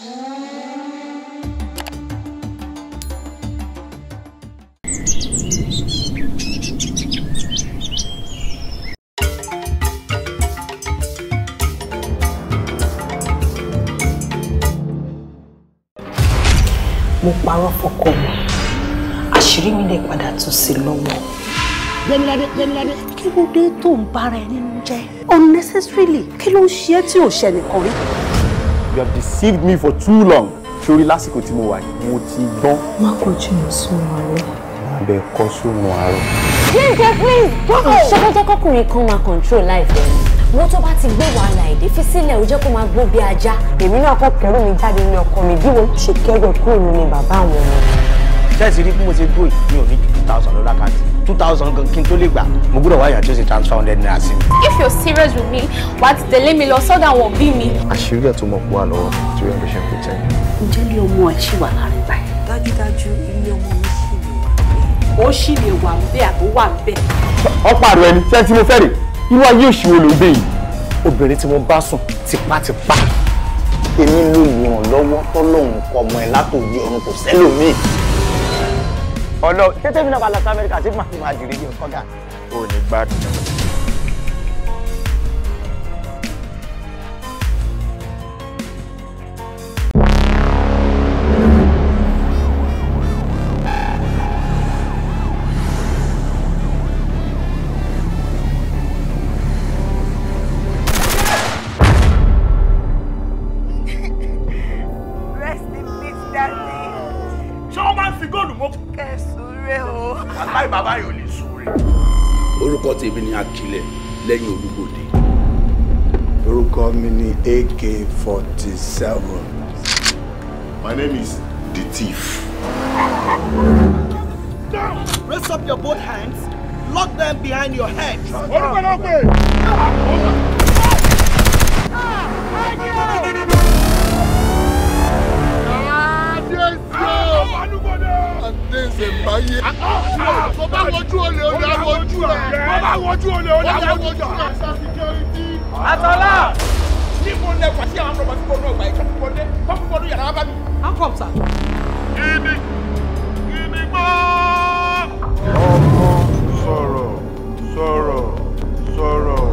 mo parọ́ fọkọ mi àṣírí mi lè padà tún sí lọ́wọ́. yẹmilade yẹmilade kí ló dé tó ń bára ẹ jẹ́ unnecessarily kí ló ń ṣe é tí ò ṣe nìkan rí you have deceived me for too long torí lásìkò tí mo wà yìí mo ti gbọ́n. má kò jìnnà sóhun àárọ̀. abẹ kọ sóhun àárọ̀. jíǹkẹ́ please go. ṣàkójọ́ kọkùnrin kan máa control life ẹ̀ wọ́n tó bá ti gbé wàhálà èdè fi sílẹ̀ ó jẹ́ kó máa gbó bí ajá. èmi náà kọ́ kẹ́rù mi jáde ní ọkọ mi bí wọ́n ṣe kẹ́rù ẹ̀ kúrò ní bàbá àwọn ọmọ. ṣẹ́ẹ̀sì rí bí mo ṣe dúró yìí mi ò ní two thousand lọ́lá káàdì two gan kí n tó lè mo gbọ́dọ̀ wáyà tí ó sì transfer hundred naira sí if you're serious with me wà á ti tẹ̀lé mi lọ sọ́dọ̀ àwọn òbí mi. àṣírí ẹ̀ tó mọ̀ To wà lọ́wọ́ torí ẹ̀rọ ṣe ń pè tẹ́. ǹjẹ́ ilé ọmọ ẹ̀ ṣì wà láàrin báyìí. dájúdájú ilé ọmọ mi ṣì lè wà bẹ́ẹ̀. ó ṣì lè wà bẹ́ẹ̀ àbó wà bẹ́ẹ̀. ọ̀pá rẹ̀ ni sẹ́ńtì mo fẹ́rẹ̀ irú ayé òṣìwò ló dé yìí obìnrin tí mo bá sùn tipátipá èmi ló lè ràn lọ́wọ́ tọ́lọ́hún kọ́ ọmọ ẹ̀ látòjú ọ̀run kò sẹ́lòmíì ọlọ ṣé tèmi náà bá lọ sí amẹ́ríkà tí màá ti máa dìrì yìí nǹkan dà. o ò ní gbádùn. AK-47. My name is The Thief. Down! Raise up your both hands. Lock them behind your head. Àdéhùnbáyé. Tó bá wojú olè ó dá wojú rẹ̀. Tó bá wojú olè ó dá wojú rẹ̀. Àtọ́lá níbo lẹ wà sí àwọn ọmọ tí mo náà gbà yìí kọ́kú wọlé kọ́kú wọlé yàrá bá mi. how come sir. gidi gidi gbọ́. ọmọ sọ̀rọ̀ sọ̀rọ̀ sọ̀rọ̀.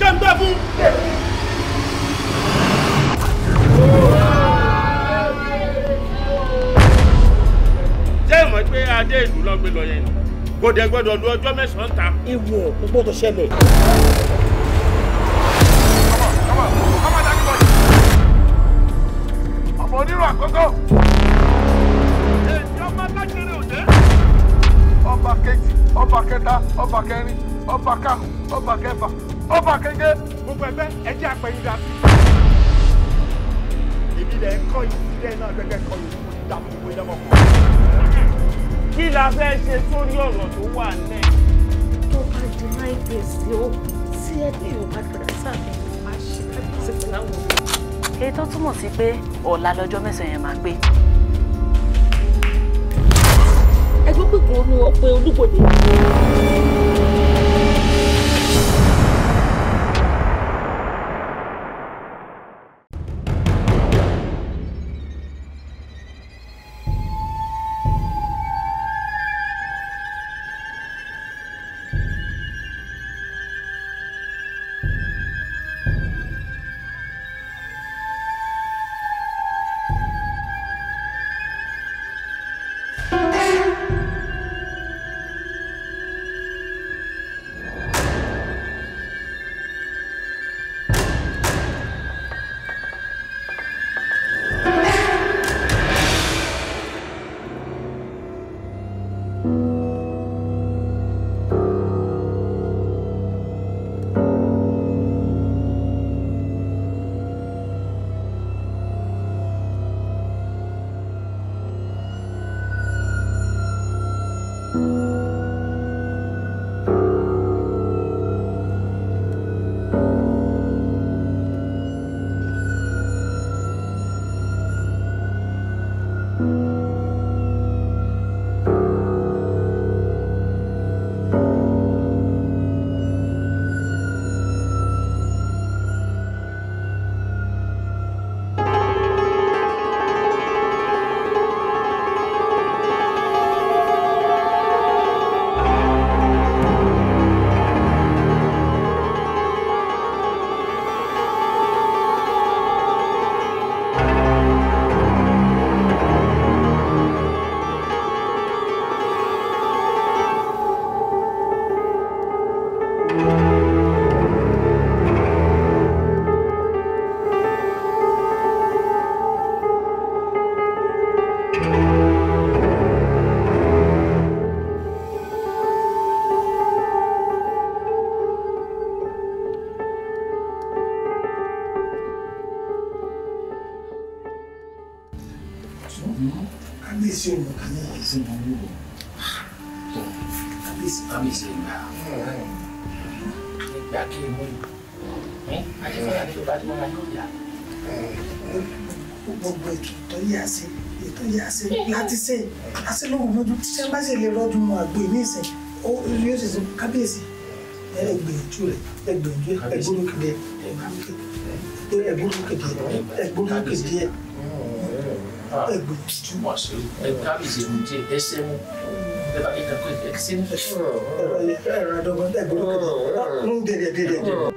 jẹ́ ń bẹ́ fún. jẹ́ ìmọ̀ pé adé ìlú lọ́gbẹ́ lọ yẹn ni gbọ́dọ̀ ṣẹlẹ̀. onírò àkókò. èyí ọmọ aláṣẹrẹ òde. ọba kejì ọba kẹta ọba kẹrin ọba karùn ọba kẹfà ọba keje. gbogbo ẹgbẹ́ ẹjẹ́ àpẹyìndà sí. ibi lẹ kọ́ ìdílé náà gẹ́gẹ́ kọ́ ìlú kò dá gbogbo ilé ọmọ kí la fẹ́ ṣe sórí ọ̀rọ̀ tó wà náà. tó bá jẹ́ láì gbèsè ó tí ẹ ní ìwà padà sáà ní ìwà ṣe láti ṣe pẹ̀lú àwọn ọmọ èyí tó túmọ̀ sí pé ọ̀la lọ́jọ́ mẹ́sàn-án yẹn máa pé. ẹgbẹ́ pípọ̀ ọ̀hún ọ̀pẹ olúgbòde. ìyá sí láti ṣe láti lóhùn lọ́dún tí wọ́n bá sì lè rọ́dún mu àgbè ní ìsìn ó yóò ṣe kábíyèsí ẹgbẹ̀jú rẹ̀ ẹgbẹ̀jú ẹgbẹ̀rúkèdè ẹgbẹ̀rúkèdè ẹgbẹ̀rúkèdè ẹgbẹ̀jú. kábíyèsí mo jẹ ẹsẹ mu ẹgbẹ̀rúkèdè ẹgbẹ̀rúkèdè ẹgbẹ̀rúkèdè.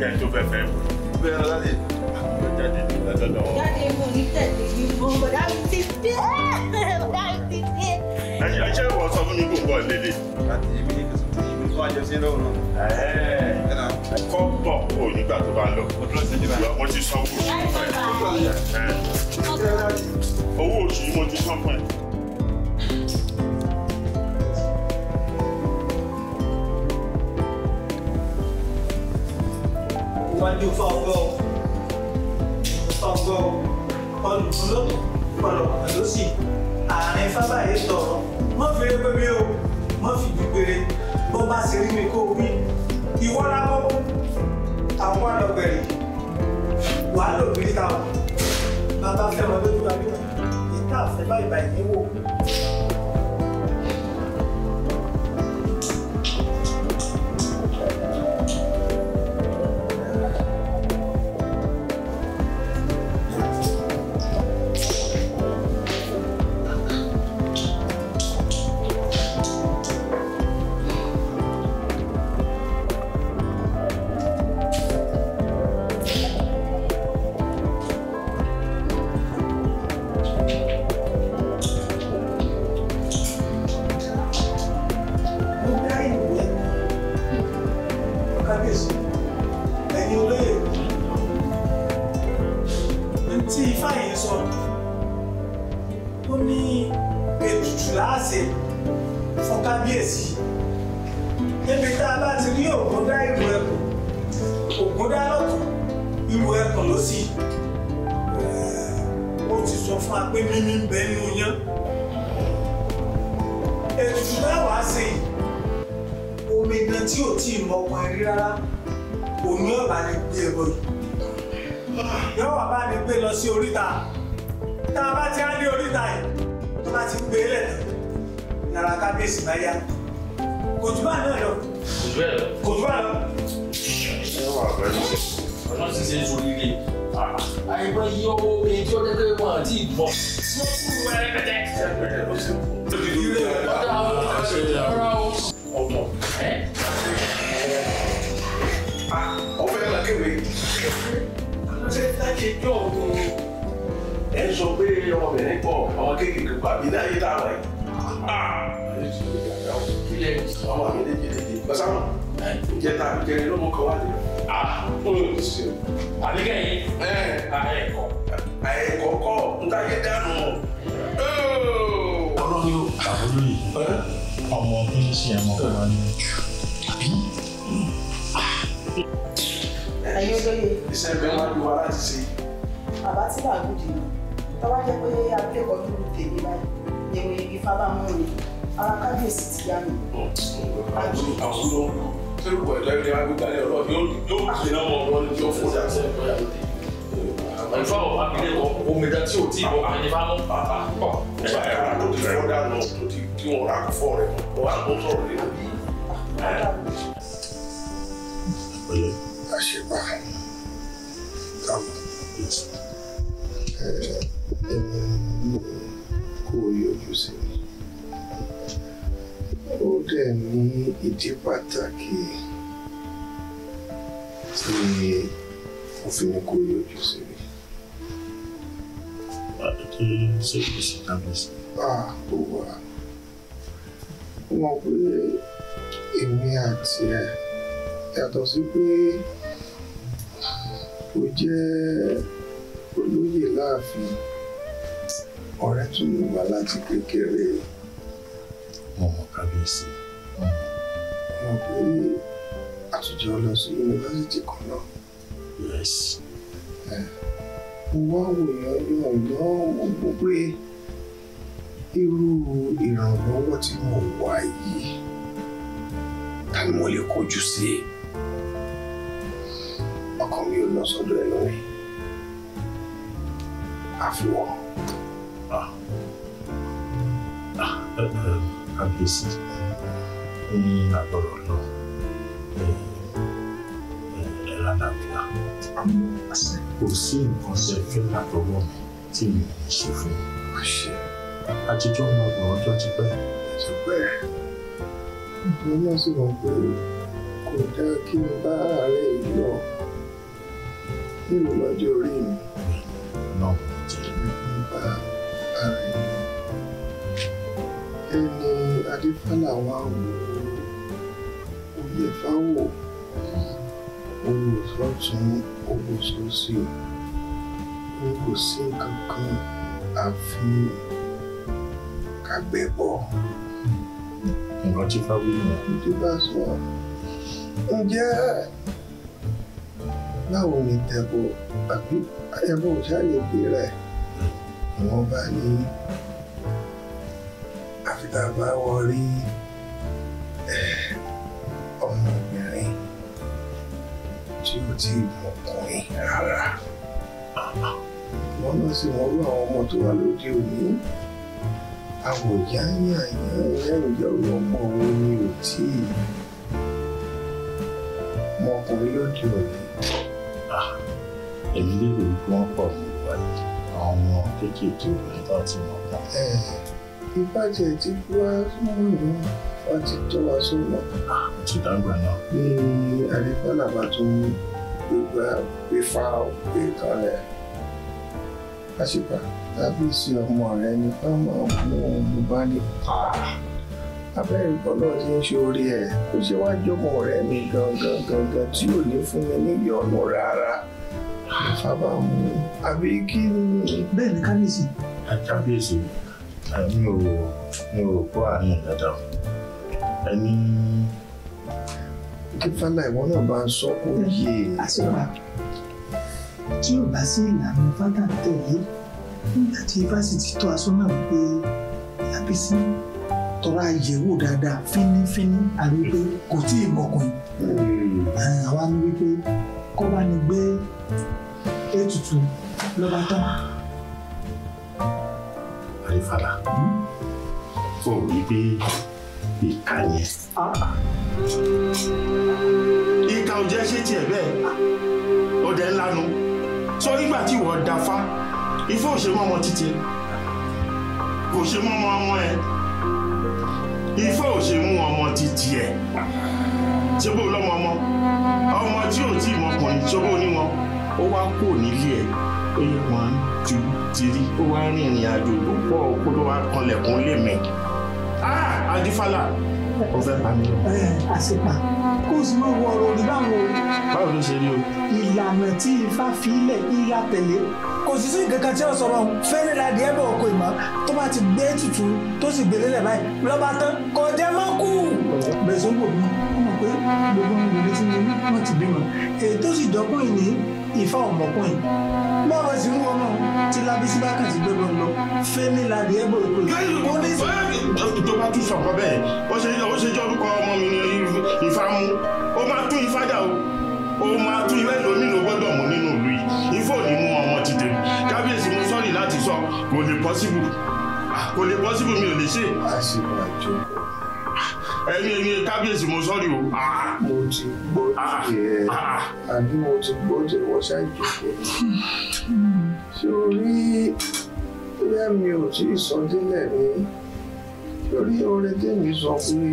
jẹ́ tó fẹ́ fẹ́ wò. bẹ́ẹ̀ lọ láti jáde lọ́dọ̀ wọn. jáde mo ní tẹ̀lé yìí mo bọ̀dá mi ti dé bọ̀dá mi ti dé. ẹ ṣe wọ sọ fún mi kò gbọ́ láti ibi ní kòsó tí ibi tó sí lọ́wọ́ náà. kọ́ bọ̀ o nígbà tó bá lọ. mo ti sanwó fún ẹ. owó oṣù mo ti sanwó fún ẹ. wá ju fáwọn gọ́ fáwọn gọ́ ọlù lọ́tọ̀ pọ̀lọ̀ àlọ́sì àárín fábà yìí tọ̀rọ̀ mọ́ fi eré pépé o mọ́ fi dùgbére bó bá ṣe rí mi kó wí ìwọ́ra mọ́ àwọn àlọ́gbẹ̀rẹ̀ wàá lò bí táwọn bàbá fẹ́ wọn lójú àbí ìta àfẹ́ báyìí báyìí ní wò. wa láti ṣe. bàbá tí bàá gùdì ni tọ́wá jẹ́ pé akẹ́kọ̀ọ́ tó lù tèmi báyìí èwe ibi fábà mọ́ mi ara kábíyèsí ti yá mi. àwọn ló ń tẹ́lifù ẹ̀dá ilé agbègbè ọlọ́ọ̀ni yóò kí náà mọ̀ ọ́ lójú ọ̀fọ̀ dà sí ẹ̀kọ́ yàtọ̀ tèmi. àlùfáà ọ̀pá mi omi dá tí ò tí ì bọ̀ àyè bá mọ́ bàbá. ọba ẹ̀rọ tó ti fọ́ dànù tó ti tí wọ́n rà fọ́ rẹ̀ wọ́n wà ló sọ̀rọ̀ lé lórí. àṣepá please ẹni mú kó yọjú sí mi ó dẹ̀ ní ìdí pàtàkì tí mo fi ní kó yọjú sí mi. kí ṣe kò sí kábíyèsí. ah ó wà mo mọ̀ pé èmi àti ẹ̀ yàtọ̀ sí ó jẹ́ olóyè láàfin ọ̀rẹ́ tún ní wa láti kékeré. mo mọ kábíyèsí. mo pé àtijọ́ lọ sí yunifásitì kan náà. yes. mo wá wòyàn náà náà mo gbọ́ pé irú ìrànlọ́wọ́ tí mo wà yìí ta ni mo lè kojú sí i ọkàn mi ò lọ sọ́dọ̀ ẹ lórí àfiwọ́. Ah. Ah, eh, eh, kábíyèsí ní àgbọ̀rọ̀ lọ eh, ẹ̀rọ àdàbíà kò sí nǹkan tí ẹ fẹ́ látọwọ́ mi tí mi ò ní ṣe fún un. àtijọ́ máa gbọ̀n ọjọ́ ti pẹ́. ti pẹ́ mo náà sì mọ̀ pé kò dáa kí n bá àárẹ̀ yìí lọ bí mo máa jẹ orí mi. náà jẹ orí mi bá ara ẹ lọ. ẹni adífálà wa wò ó yẹ fáwọ owó sọ́tún owó n kò sí nǹkan kan àfi kàgbẹ́ bọ̀. ìrántí fáwọn èèyàn. ìjọba sọ ǹjẹ́ báwo ni tẹ̀bọ̀ àbí ayẹ̀bọ̀ ṣáàlè gbéra ẹ̀ àwọn bá ní àfitàbáwọ̀ rí ọmọbìnrin tí ó ti mọ̀kùnrin rárá wọn náà sì wọ́n rú àwọn ọmọ tó wà lóde òní àwòyá yàn yàn yàn ọmọ wo ni ò tí ì mọ̀kùnrin lóde òní. Ah, èmi lérò wípé wọ́n pọ̀ ní ìwà yìí àwọn ọmọ kéékèèké obìnrin náà ti mọ̀ ká. ìbàjẹ́ ti wá fún ìlú wọn ti tọ́ wa sọ́nà. Ah, ti dàgbà náà. ní àdìpọ́ làbà tó ń gbégbá gbéfà gbé kalẹ̀ àṣìpà tábìlì sí ọmọ rẹ ní fáwọn ọmọ ọmọ bá ní pa. Ah abẹ́rẹ́ ìbọ́lọ̀ tí ń ṣe orí ẹ̀ ó ṣe wá jọmọ ọ̀rẹ́ mi gangan gangan tí ò ní fún mi níbi ọ̀nà rárá fábà mú àbí kí ni. bẹ́ẹ̀ ni kábíyèsí. kábíyèsí mi ò mi ò kó àárín dáadáa ẹni. kí fálá ìwọ náà bá ń sọ kó yé e. àṣìwà tí ò bá sí ìlànà fádà tẹ̀lé nígbà tí ifásitì tó aṣọ náà wípé lábísí tọ́ra àyẹ̀wò dáadáa fínífíní àrí pé kò tí ì mọ̀kùn hmm. àwa ni wípé kó bá ní gbé ètùtù lọ́ba tán. àrífàlà fún òní pé ìka yẹn. ìka ò jẹ́ ṣé tiẹ̀ bẹ́ẹ̀ ọdẹ ńlá nu sọ nígbà tí ìwọ dáfá ifá ò títí kò ṣe mọ́ ọmọ ọmọ ifá ò ṣe mú ọmọ ti tiẹ̀ ṣé bó lọ́mọ ọmọ ọmọ tí ò tí mọkùnrin ṣé bó ní wọn ó wá kò nílé ẹ̀ ó yẹ wọn ju tìrí ó wá rìnrìn àjò tó pọ̀ kó ló wá kanlẹ̀kùn lé mi ah! adífálà ó fẹ́ pa mí. àṣepa kó o sì máa wọ ọ̀rọ̀ orí báwọn o. báwo ló ṣe rí o. ìlànà tí ifá fi ilẹ̀ ìyá tẹ̀lé òṣìṣẹ́ ìkankan tí ó sọ̀rọ̀ fẹ́rẹ́ la di ẹ̀bẹ̀ ọkọ̀ ìmọ̀ tó bá ti gbé tutù tó sì gbé lélẹ̀ báyìí lọ́ba tán kò jẹ́ mọ́ kú. bẹ̀sẹ̀ ń bò mí wọ́n mọ̀ pé gbogbo ọmọ ìrètí ni wọ́n ti bímọ èyí tó sì dọ́kùnrin ní ìfà ọ̀mọ̀kùnrin báwo sì ń wọ́n mọ̀ tí lábísí bá kàn sí gbẹ́gbẹ́ lọ fẹ́mi làdí ẹ̀bọ̀ ìkọ̀ tó bá tún sọ̀kọ bẹ́ẹ̀ ó ṣe jọ orúkọ ọmọ mi ní ìfàmù ó máa tún ìfádà o ó máa tún irú ẹlòmíì ló gbọ́dọ̀ mú nínú ìlú yìí ifo ní mú ọmọ ti tèmi kábíyèsí mo sọ́ọ̀rì láti sọ kò lè pọ́síbù ah, kò lè pọ́síbù mi ò lè ṣe. àṣìkò àjọ ẹni ẹni kábíyèsí mo sọ́ọ̀rì o. Ah, ah. mo ti gbọ́ tiẹ̀ àbí mo ti gbọ́ tiẹ̀ wọ́n ṣàjọpọ̀ ṣé o rí ò tí ì sọ délẹ̀ ní lórí oore tèmi sọ pé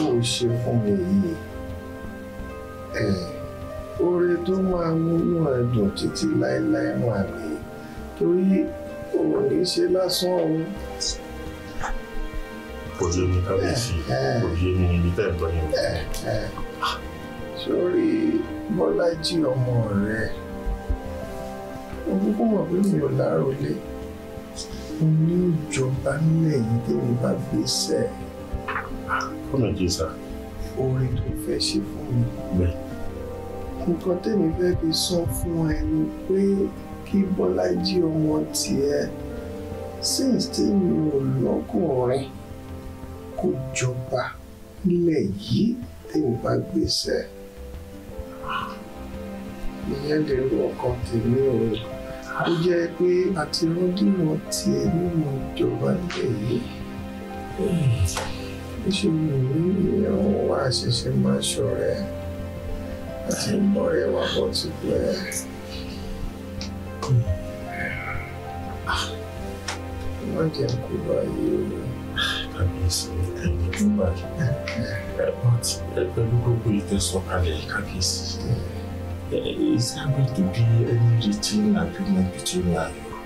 kò ṣe fún mi yìí oore tó máa múnú ẹ̀dùn títí láéláé wà ní torí òun kì í ṣe lásán o. kò yé mi kábíyèsí kò yé mi ibi tẹ́ ẹ̀ tọ́yìn o. sórí bọ́lájí ọmọ rẹ̀ ó kúkú mọ̀ pé mi ò láròlé mo ní ìjọba nílẹ̀ yìí tèmi bá gbèsè. kọ́nà jésà. oore tó fẹ́ ṣe fún mi. bẹ́ẹ̀ nǹkan tèmi fẹ́ fi sọ fún ẹ ni pé kí Bọ́lájí ọmọ tiẹ̀ since tèmi ò lọ́kùnrin kò jọba nílẹ̀ yìí tèmi bá gbèsè ìyẹn lè rú ọkàn tèmi ò ó jẹ́ pé àti rọ́dìmọ̀ tiẹ̀ nínú ìjọba nílẹ̀ yìí níṣẹ́ mi ò ní ìyẹn wà ṣẹ̀ṣẹ̀ máa ṣọ̀rẹ́ ẹ̀ àti mọ ẹwà bọ̀ ti pẹ́. wọ́n jẹ́ kó báyìí o. kábíyèsí ẹni tó bá pẹ̀lú gbogbo ìtẹ̀sọ̀kalẹ̀ kábíyèsí is there going to be any written agreement between you and you?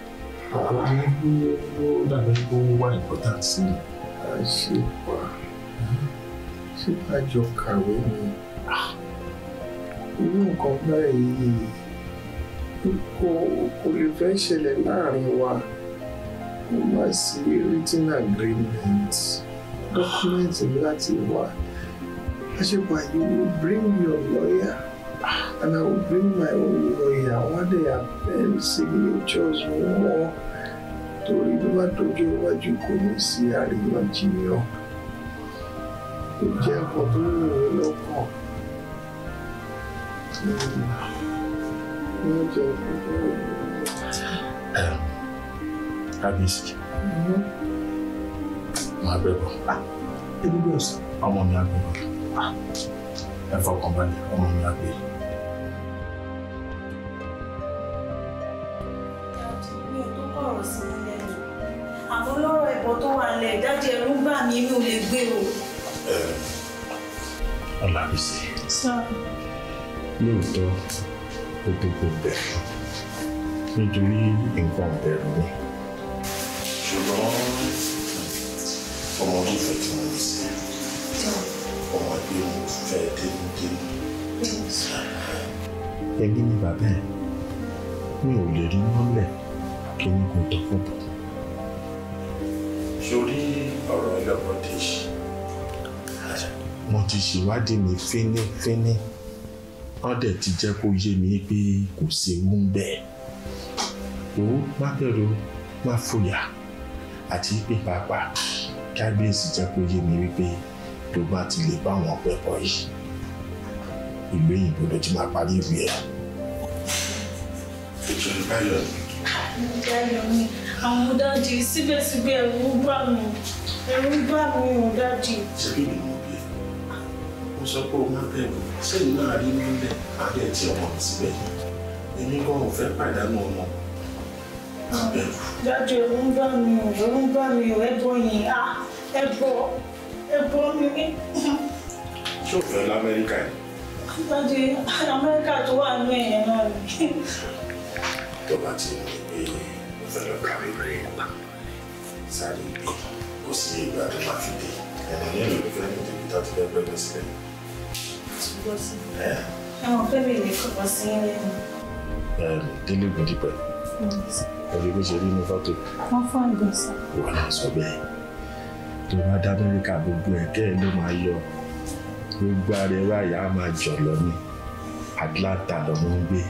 ọ̀pọ̀ ló dàbí kó wá important sí i. àṣepa ṣípàjọ kàwé ni irú nǹkan báyìí kò kò lè fẹ́ ṣẹlẹ̀ láàrin wa kó má sí written agreement document láti wà àṣepọ̀ you will bring your lawyer and I will bring my own lawyer wọ́n dẹ̀ append signatures wọ́n torí bí wọ́n tójú iwájú kò ní sí àríyànjiyàn ó jẹ́ ọ̀pọ̀ tó ń rìn kábíyèsí máa bẹ bọ ebi bẹ ọsẹ ọmọ mi àgbẹ bọ ah. ẹ fọkàn balẹ̀ ọmọ mi àgbẹ. àmọ́ lọ́rọ̀ lóòótọ́ ó tó kò bẹ̀rù nítorí nǹkan bẹ̀rù ni. ṣùgbọ́n ọmọ tó fẹ́ tí mo ṣe ọmọ ẹgbẹ́ mi fẹ́ dénúdénú. ẹbí ni bàbá ẹ mi ò lè rí mọ́lẹ̀ kí n kò tọ́kọ̀ bọ̀. sórí ọ̀rọ̀ ẹlẹ́gbọ́n tèṣì. mo ti ṣèwádìí mi fínífíní wọ́n dẹ̀ ti jẹ́ kó yé mi pé kò séwu ń bẹ́ẹ̀ o má bẹ̀rù má fòyà àti pé pàápàá kábíyèsí jẹ́ kó yé mi wípé tó bá ti lè bá wọn pẹ̀kọ́ yìí ìlú òyìnbó ló ti máa parí ìwé ẹ̀. ètò ni. ìbáyọ̀ ni àwọn dáàdi síbẹ̀síbẹ̀ ẹ̀rù ń bà mí ẹ̀rù ń bà mí ò sọ pé o máa bẹ̀rù sẹ́yìn náà rí mi bẹ̀ adé tí ọmọ mi síbẹ̀ èmi gan ò fẹ́ pàdánù ọmọ máa bẹ̀rù. jáde ẹ̀rù ń bá mi ò ẹ̀rù ń bá mi ò ẹ̀bọ yìí á ẹ̀bọ ẹ̀bọ mi ní. ṣé o fẹ́ lamẹ́ríkà yìí. jáde amẹ́ríkà tó wà ní ẹ̀yẹ náà rẹ̀. tó bá ti ní pé o fẹ́ lọ kàwé rẹ̀ pa sáré ìgbé kó sí ìgbà tó máa fi dé ẹ̀rọ ní ìlú fẹ́ẹ́ ní débi tá a ti sílẹ̀. Ẹ̀wọ̀n fẹ́mi lè kọ́kọ́ sí lẹ́nu. Délé Ògùn dípẹ́. Ẹ̀rí bó ṣe rí ní fọ́tò. Wọ́n fọ́ ìgbọ̀n sí. Wọ́n náà sọ bẹ́ẹ̀. Tó bá dá Amẹ́ríkà gbogbo ẹ̀kẹ́ ẹ̀ ló máa yọ. Gbogbo ara ẹ̀rọ àyà á máa jọ̀ lọ́nà. Atlanta lọ́mọ ń gbé.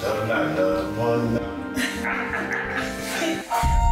Lọ́nà lọ́mọ náà.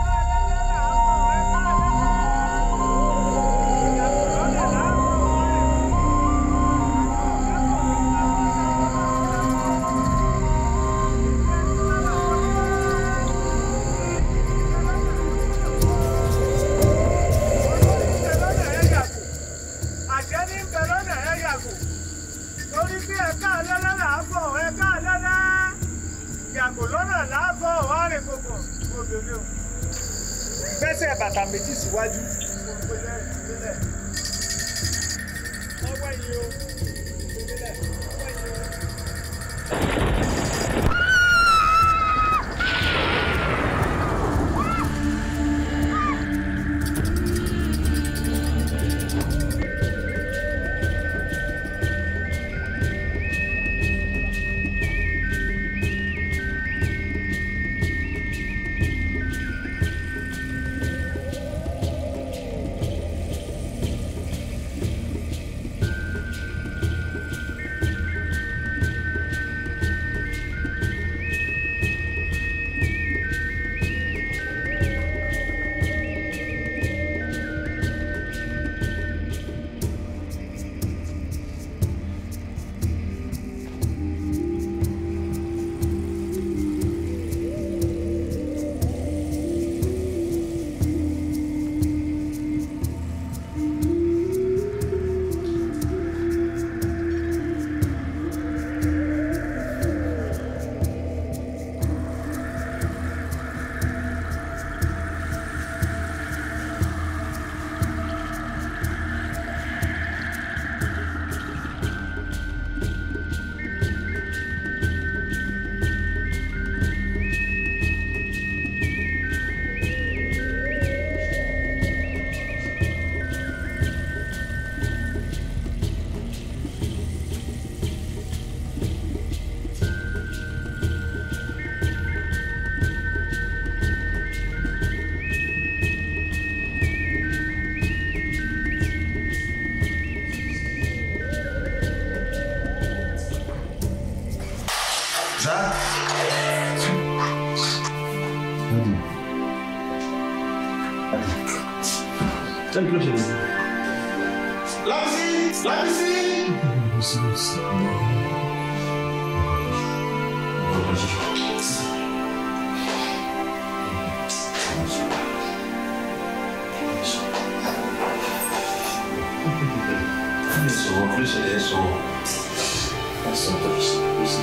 tous tous aussi, ici, ici,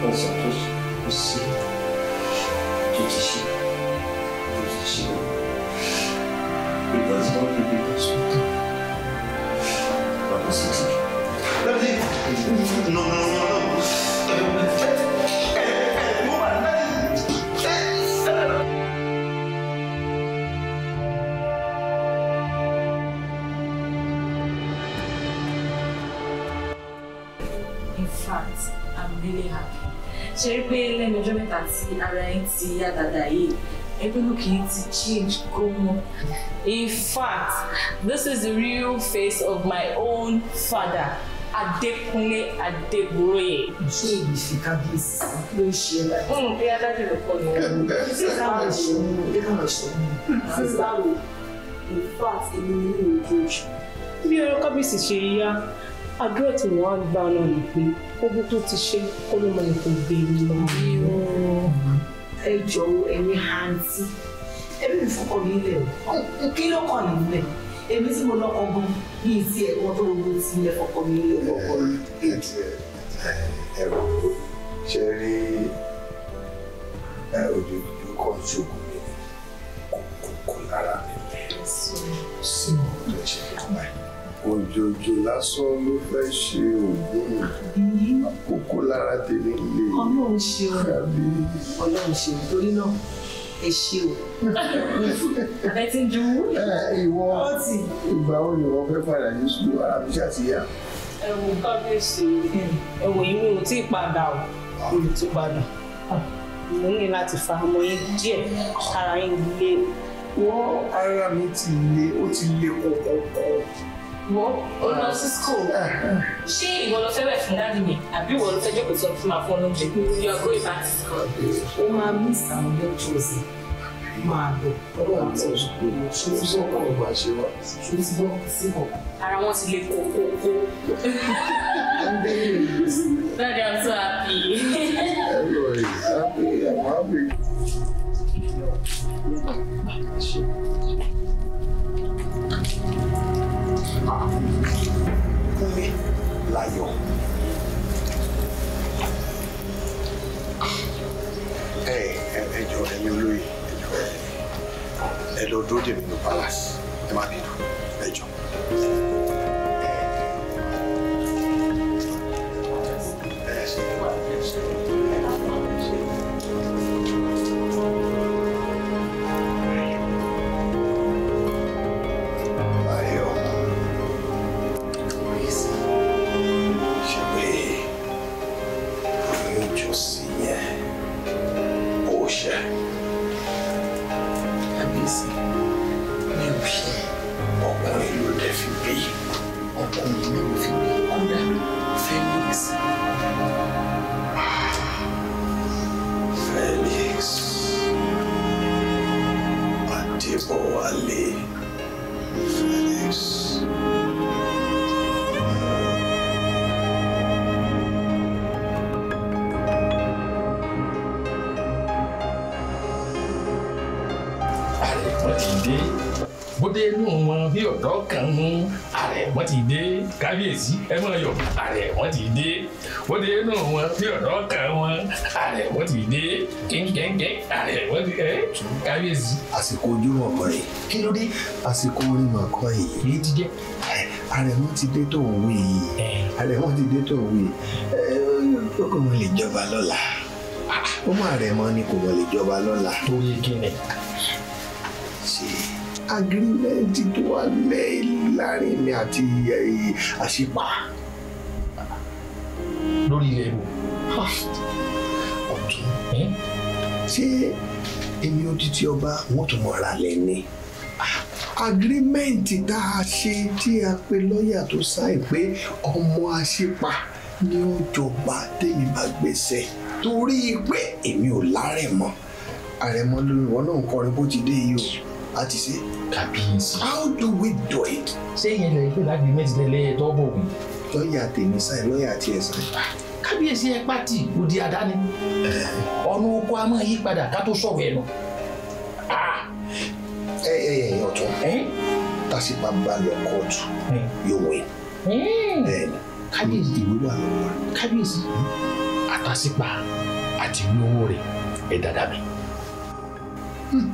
pas Pas Non. fact i'm really happy ṣe rí pé lẹ́nu ọjọ́ mẹ́ta tí ara yín ti yá dáadáa yìí everything ti change gan-an in fact this is the real face of my own father Adékúnlé Adégbòróyè. ṣé èyí fi kábíyèsí ló ń ṣe ẹ báyìí. Hmm, bí adájọ́ ló kọ́ ni wọ́n ṣe báwo ṣe ń mú báwo ṣe ń mú báwo in fact èmi ni mi ò dojú. bí ọ̀rọ̀ kábíyèsí ṣe yá àdúrà tí wọ́n á gbà náà nìpín ó kúkú ti ṣe kó ló mọ èkó gbé mi lọ. Mm-hmm. ẹ jọ̀wọ́ ẹ̀yin àǹtí ẹbí mi fọkọ mi lẹ̀ o kí ló kàn yín lẹ̀ èmi tí mo lọ́kọ gan bíi ti ẹ̀kọ́ tó gbogbo ti lẹ̀ fọkọ mi lẹ̀ lọ́kọ mi. ẹ̀rọ ṣe rí ojú kan ṣògo mi kò kò lára mi. sọ sọ ọ̀rọ̀ ṣe fún mi òjòjò lásán ló fẹ́ ṣe ògbóni àkókò lára tèmi lè ọlọ́run ṣeun ọlọ́run ṣeun torí náà ẹ ṣe o abẹ ti ń ju wú. ìwọ ìgbà wo ni wọn fẹ́ padà ní sùúrù àbíṣe àti ìyá. ẹ wo kábíyèsí ẹ wò yín mi ò tí ì padà o mi ò tí ì padà mo ní láti fa ọmọ yín díẹ̀ ara yín lé. wọ́n ara mi ti le ó ti le kọ̀ọ̀kọ̀ọ̀ wo ó lọ sí school ṣé ìwọ ló fẹ́ wẹ̀ fún dáàdì mi àbí ìwọ ló fẹ́ jókòó sọ fún màá fún olóúnjẹ you are going back to school. ó máa miss àwọn lectures máa lọ ọdún àti òṣùpọ̀ ìlú ṣé ó sọ ọkọ ìgbà ṣe wá ṣé ó ti gbọ́ sí ọ̀. ara wọn ti le kókókó. Daddy, I'm so happy. Hello, happy. I'm happy. Kúnlé Láyọ̀. Ẹ ẹjọ ẹ̀yin olóyè ẹjọ ẹ lọ dúró dè mí ní palace ẹ má bínú ẹjọ. ọ̀tún. kábíyèsí. àsìkò ojúmọ̀ kan rè kí ló dé àsìkò orímọ̀ kan yìí. èyí ti jẹ́. àrẹ̀mọ ti dé tó òun wí yìí àrẹ̀mọ ti dé tó òun wí yìí ó kò mọ lè jọba lọ́la ó mọ àrẹ̀mọ ni kò mọ lè jọba lọ́la. tó yẹ kí ni. ṣe agirimẹ́ǹtì tó wà lẹ́yìn láàrin mi àti àṣìpà. lórí ilẹ̀ ìwò. ọ̀tún ṣé èmi odidi ọba wọn tún mọra lẹni agirímẹ́ǹtì ah, tá a ṣe tí a pe lọ́ọ̀yà tó sáì pé ọmọ àṣepa ni ó jọba tèmi bá gbèsè torí pé èmi ò lárẹ̀ mọ́ àrẹ̀mọ lórí wọn náà ń kọrin bó ti dé yìí o a ti ṣe. kàbíyèsí. how do we do it. ṣé ìyẹn lè pè lágbèmẹ́tì tẹ́lẹ̀ tọ́ bọ̀ wí. lọ́ọ̀yà tèmi sáì lọ́ọ̀yà tiẹ̀ sáì kábíyèsí ẹ pátì òdì àdáni ọ̀nà oko a máa yí padà ká tó sọ̀rọ̀ ẹnu. Ah! ẹ ẹ ẹ ọ̀tún tásìpá bá lọ kóòtù yóò wé bẹ́ẹ̀ni kábíyèsí ìwé wà lọ́wọ́ kábíyèsí àtàsípa àti ìlú owó rẹ̀ ẹ̀ dáadáa mi. Hmm.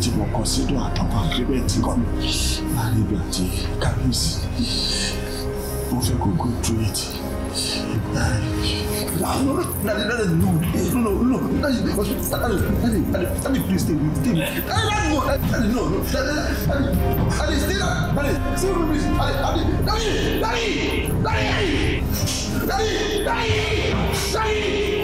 ti wọ̀ kan sí dùn àtàwọn agreement kan láàrin ibi àti kábíyèsí wọ́n fẹ́ kó go through it. No, no, no, no, daddy, daddy, daddy, daddy, please stay with me. Daddy, no, daddy, no, no, daddy, daddy, stay there, daddy, stay with me, daddy, daddy, daddy, daddy, daddy, daddy, daddy, daddy.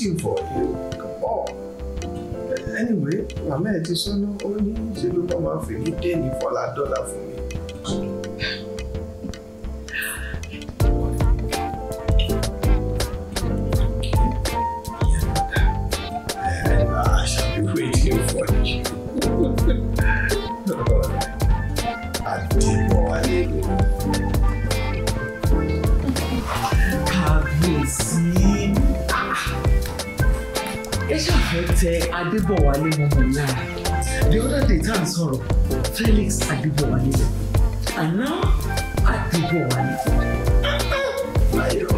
waiting for you. Come oh, on. Anyway, Màmá ẹ̀ ti sọ́nà ó ní you bá máa a ní dẹ́ni fọlá dọ́là fún ẹ̀ṣẹ̀ tẹ Adébọ̀wálé mọ́mọ́ lára the other day tá à ń sọ̀rọ̀ Felix Adébọ̀wálé lọ àná Adébọ̀wálé báyọ̀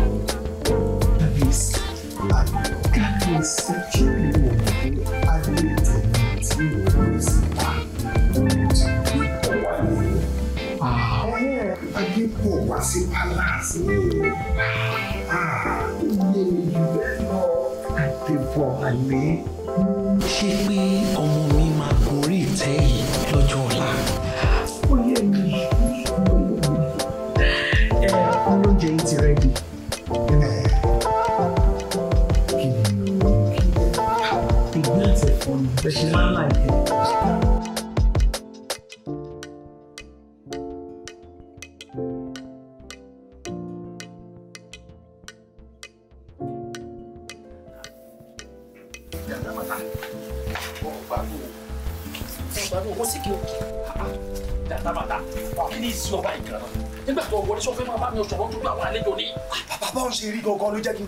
kábíyèsí kábíyèsí kí ni wọ́n mú adéètò tí wọ́n lè sí pa Adébọ̀wálé. Ah, Adébọ̀wá ah, sí palace ní for me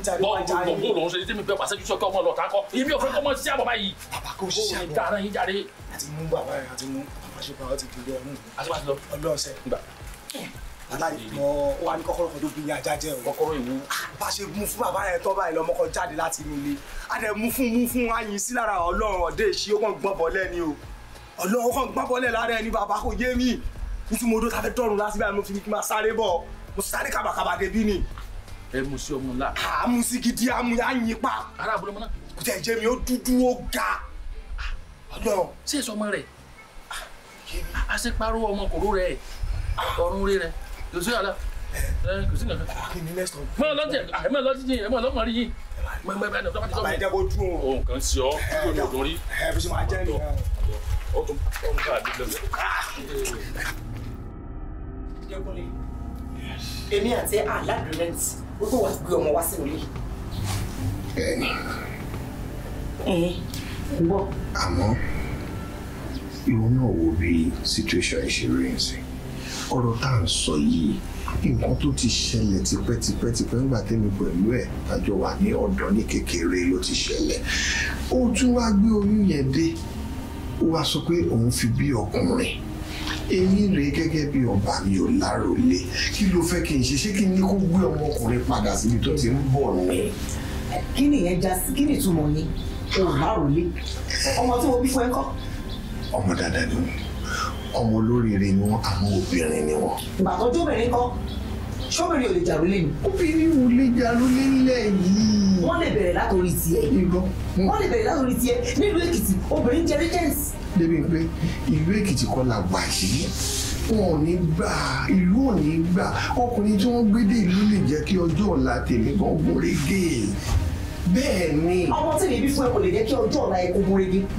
jàre wá jàre. bọ́ọ̀ mo lọ ṣe tí mi fẹ́ pàṣẹ jùsọ̀ kí ọmọ lọ kakọ ibi òfin kọ́mọ sí àbọ̀bá yìí. bàbá kò ṣiṣẹ́ àbọ̀ dára yín jàre. àti mú bàbá rẹ̀ àti mú bàbá ṣe bàbá ti dùn lọ́rùn. àti ọlọ́ọ̀sẹ̀. bàbá yìí mọ ó wà ní kọ́kọ́rọ́ kan tó bí yín ajá jẹ́ o. kọ́kọ́rọ́ ìwú. bá a ṣe mú fún bàbá yẹn tọ́ báyìí lọ́mọkọ jáde láti inú ilé. a dẹ̀ mú fún mú fún ayin sí lára ọlọ́run ọ̀dẹ́ ìṣí ó kàn gbọ́n bọ́lẹ̀ ni o. ọlọ́run kàn gbọ́n bọ́lẹ̀ lára ẹni bàbá kò yé mi. nítorí mo dó ta fẹ́ dọ́rùn láti báyìí mo fi kí n máa sáré bọ̀ mo sáré kàbàkàbà débi ni ẹ mú sí ọmọ ńlá. a mú sí gidi a mú yáyin pa. ara àbúrò mọ́nà. kò tẹ̀ jẹ́ mi ó dúdú ó ga. ọlọ. sí èso ọmọ rẹ a ṣe pariwo ọmọ kòró rẹ ọrùn rí rẹ kò sí àlà kò sí nǹkan. mọ lọtí ẹ mọ lọtí yìí ẹ mọ lọmọ rí yìí mọ mọ ẹ dọkítọ. bàbá ìjà kò dún o. òun kàn sí ọ kí ló dùn rí. ẹ fi máa jẹ nìyẹn. ọtún èmi àti àlá agreement ó tó wá gbé ọmọ wá sínú ilé. bẹ́ẹ̀ni. ẹ ẹ ń bọ. àmọ́ ìwọ náà wo bí situation ṣe rí ń sìn ọ̀rọ̀ tá à ń sọ yìí nǹkan tó ti ṣẹlẹ̀ tipẹ́tipẹ́tipẹ́ nígbà tẹ́mi pẹ̀lú ẹ̀ àjọ wà ní ọ̀dọ́ ní kékeré ló ti ṣẹlẹ̀ ó tún wá gbé oyún yẹn dé ó wá sọ pé òun fi bí ọkùnrin èmi rèé gẹ́gẹ́ bí ọba mi ò láròlé kí ló fẹ́ kí n ṣe ṣé kí n ní kó gbé ọmọkùnrin padà síbi tó ti ń bọ̀ ni. kí ni ìyẹn já sí kí ni ìtumọ̀ yẹn o ò láròlé ọmọ tí mo bí fún ẹ kọ́. ọmọ dáadáa ni wọn ọmọ olóríire ni wọn àmọ́ obìnrin ni wọn. ìbàdàn jóbìnrin kọ́ sọ́bìnrin ò lè jà lólé ni. obìnrin ò lè jà lólé ńlẹ̀ yìí. wọ́n lè bẹ̀rẹ̀ látòrí tiẹ̀. wọ́n lè bẹ̀rẹ̀ látòrí tiẹ̀ nílùú èkìtì obìnrin jẹ́ regents débi pé ìlú èkìtì kọ́ la wà yìí wọn ò ní gbà ìlú ò ní gbà ọkùnrin tí wọ́n gbé dé ìlú lè jẹ́ kí ọjọ́ ọ̀la tèmi gan gúnrégé bẹ́ẹ̀ ni. ọmọ tí mi bí fún ẹ kò lè jẹ́ kí ọjọ́ ọ̀la ẹ kó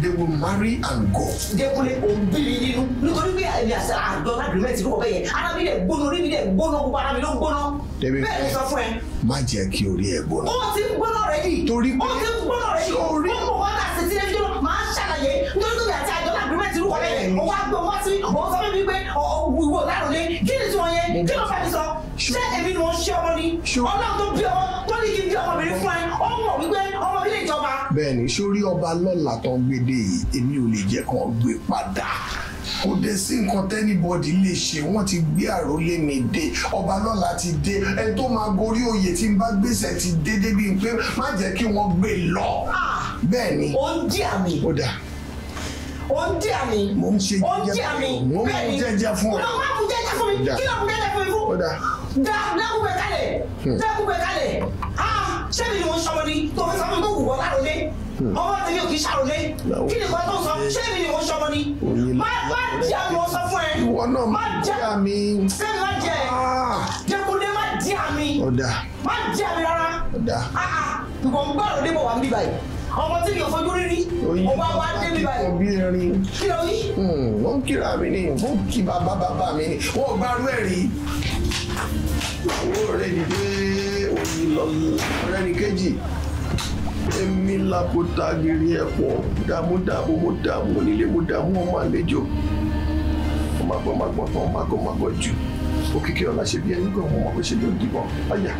they will marry and go. jẹ́kulẹ̀ òun bí mi nínú nítorí pé ẹ̀mí àṣà àjọ agreement ló wọ̀ bẹ́ẹ̀ ara mi lè gbóná orí mi lè gbóná gbogbo ara mi ló gbóná. bẹ́ẹ̀ ni sọ fún ẹ. má jẹ́ kí orí ẹ gbóná. ó ti gbóná rẹ̀ yìí. torí pé ó ti gbóná rẹ̀ yìí. ó wá gbé wá sí òun sọ fún mi pé ìwò láròlé kí ni tiwọn yẹn kí ló fẹ́ mi sọ ṣé èmi ni wọ́n ṣe ọmọ ni ọlọ́run tó bí ọmọ tó ní kí n bí ọmọbìnrin fún ẹ ó mọ̀ wípé ọmọ ilé ìjọba. bẹ́ẹ̀ni sórí ọba lọ́lá tán gbédè yìí èmi ò lè jẹ kàn gbé padà kò dé sí nǹkan tẹ́nibọ́dì lè ṣe wọ́n ti gbé àrólé mi dé ọba lọ́la ti dé ẹni tó máa gorí oyè tí n bá gbèsè ti dé débi pé má jẹ́ kí wọ́n gbé lọ ah! bẹ́ẹ̀ ni. ó ń jí àmì. ó dáa ó ń jà mí ó ń jà mí bẹ́ẹ̀ ni ọlọ́run má mú jẹ́jẹ́ fún mi kí ló mú jẹ́jẹ́ fún mi fún dá dákúbẹ̀ kálẹ̀ hmm. dákúbẹ̀ kálẹ̀ ah, ṣé mi ni mo sọmọ ni tó fi sọ fún mi tó wù wọ́n láròlé hmm. ọmọ tèmi ò kì í ṣàròlé kí ni kan tó sọ ṣé mi ni mo sọmọ ni má má jà mí mo sọ fún ẹ má jà mí ṣé mi má jẹ ah. jẹkunlé má jà mí má jà mí rárá ìwọ̀n ah, gbọ́dọ̀ dé bọ̀ wá ń bí báyìí ọmọ tí mi ò fojú rí rí mo bá wá débi báyìí. òbí rin kí ló yí. Hmm, wọ́n kíra mi ni wọ́n kí bàbá bàbá mi ni wọ́n gbá rú ẹ̀ rí. owó rẹ̀ ni pé òní lọ́mú ọ̀rẹ́ ni kejì èmi làkòtà gírí ẹ̀pọ̀ dàmúdàmú mo dàmú onílé mo dàmú ọmọ àlejò ọmọ àgbọ̀ ọmọ àgbọ̀ ọmọ àgbọ̀ ọmọ àgbọ̀ jù òkìkí ọ̀la ṣe bí ẹni gan ọmọ ọmọ ṣe ló ń dìbọn ọ̀yà.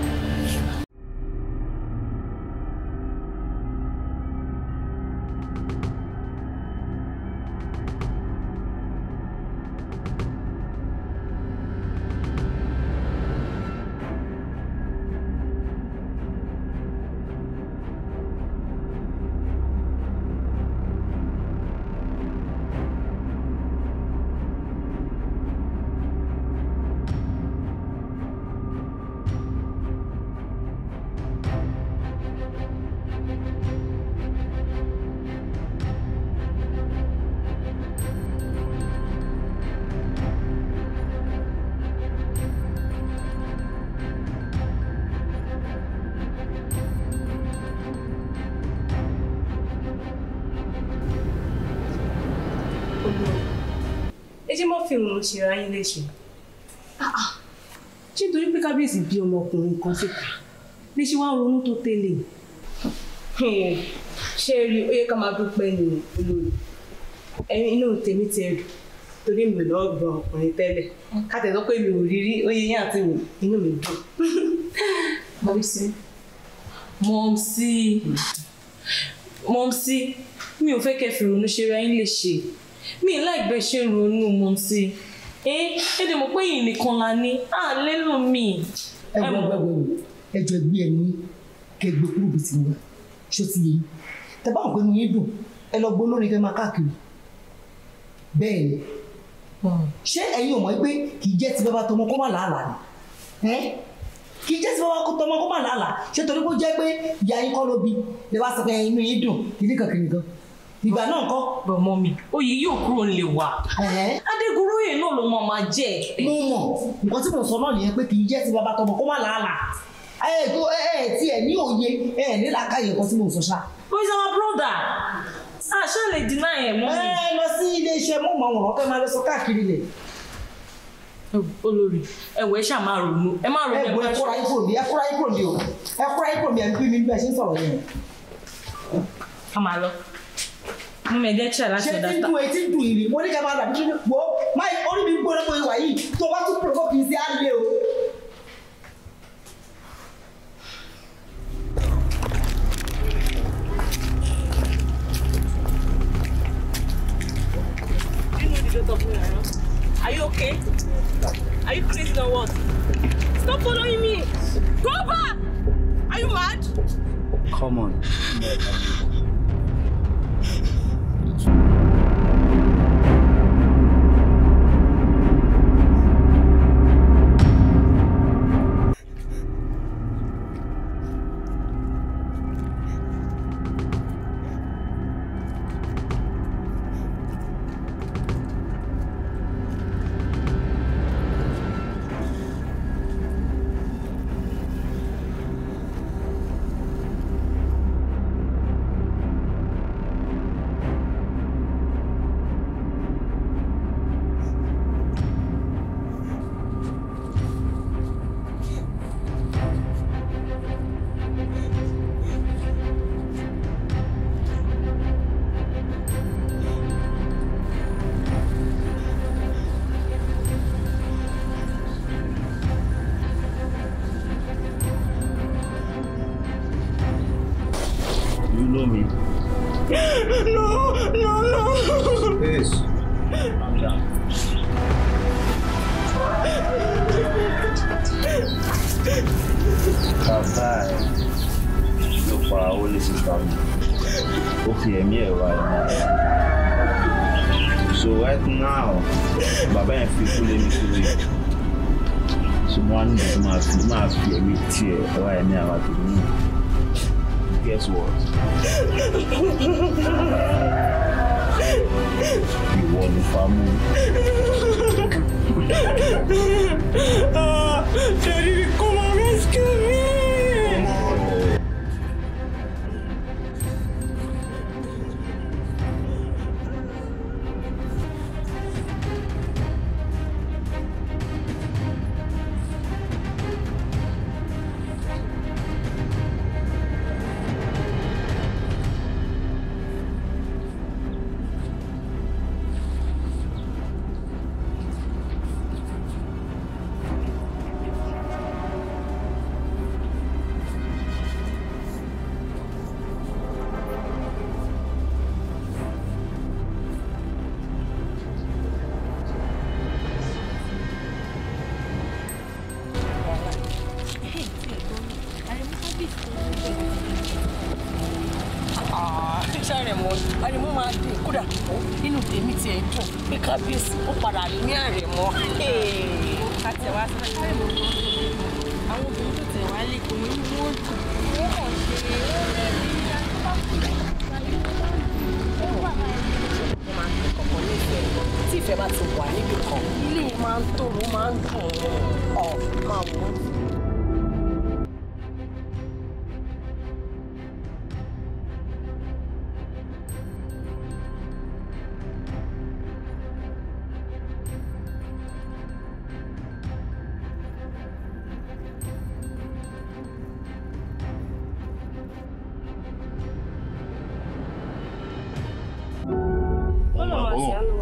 ṣe ra yín léṣe. Ah, ah. ṣé nítorí pé kábíyèsí bí ọmọkùnrin kan síta ní ṣe wá ń ronú tó tẹ́lẹ̀. Hmm. ṣé rí ó yẹ ká máa dúpẹ́ ní olórí ẹ̀yin inú tèmi ti ẹ̀dùn torí mi lọ́ọ́ gbọ́ ọkùnrin tẹ́lẹ̀ ká tẹ̀ sọ pé mi ò rí rí ó yẹ yín àti mi inú mi dùn. mọ̀mísí mọ̀mísí mọ̀mísí mi ò fẹ́ kẹ́ fi ronú ṣe ra léṣe mi láì bẹ́ẹ̀ ṣe ronú mọ̀mísí ẹ ẹ dẹ̀ mọ̀ pé yìí nìkan la ní à ń lélò mí. ẹ wọ ẹ wọ ẹ jọ ẹgbẹ ẹ ní kẹgbẹ kúrò bí ti wá ṣó ti yẹ tẹbá òkú ẹnu yín dùn ẹ lọ gbọ́ lórí kẹ máa káàkiri bẹ́ẹ̀ ni hmm. ṣé ẹ̀yin ò mọ̀ pé kì í jẹ́ ti bàbá tọmọ kó má làálàá ni kì í jẹ́ síbáwá tọmọ kó má làálàá ṣé torí kó jẹ́ pé ìyá yín kọ́ ló bí lè wá sọ pé inú yín dùn kìnnìkan kìnnìkan ìgbà náà kọ́. bọ̀ mọ́ mi oyè yóò kúrò nílé wa. adégoróyè náà ló mọ̀ máa jẹ́. mo mọ̀ nǹkan tí mo sọ náà nìyẹn pé kì í jẹ́ ti bàbá tọmọ kó má làálàá ẹ̀ẹ́dó ẹ̀ẹ́ tí ẹ̀ ní òye ẹ̀ ní làákàyè nǹkan tí mo sọ ṣá. o is our brother àṣà lè dínà ẹ̀ mọ́. ẹ lọ sí iléeṣẹ́ mọ́mọ́ wọn ọ̀kẹ́ máa lọ sọ káàkiri lẹ̀. olórí ẹ̀wọ̀ ẹ ṣáà máa ronú ẹ máa ronú ẹ̀wọ̀ ẹ̀kúra ikú mi ẹ̀kúra ikú mi o ẹ̀kúra ikú mi ẹ̀ ń bí mi bí ẹ mo mẹ get try láti ọ̀dà ta. ṣé tí dùn dùn ìrì mo ní kẹ́ dàbí ṣe wo máa orí mi gbóná pé wà tó bá tún pòròpó kì í sí àlè o. Are you okay? Are you crazy or what? Stop following me! Go back! Are you mad? Come on. one why I Guess what?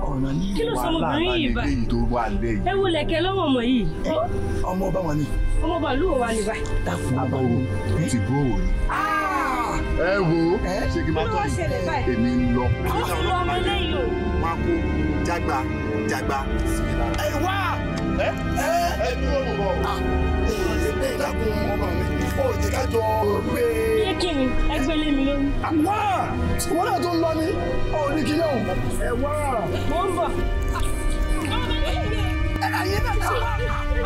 ọ̀ràn yìí wàhálà máa lè lé ìdó wà lẹ́yìn. ẹ wo lẹ̀kẹ̀ lọ́wọ́ ọmọ yìí. ọmọ ọba wa ni. ọmọ ọba ló wà ní báyìí. dákun ọba wo ti bó wò ni. Ah! ẹ wo ṣé kí n bá tọ́ yìí èmi ń lọ. ó ti lọ ọmọ lẹ́yìn o. wọn kó jágba jágba. ẹ wá ẹ ẹ dúró mọ. ó ah! dákun ọmọ mi ó ti kájọ pé kí ni ẹgbẹ́ lé mi lórí. àmọ́ wọn náà tó ń lọ ní òní kí náà ẹ wá. mo ń bọ̀. ọmọ ilé yẹn. ẹ̀yin náà.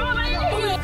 ọmọ ilé yẹn.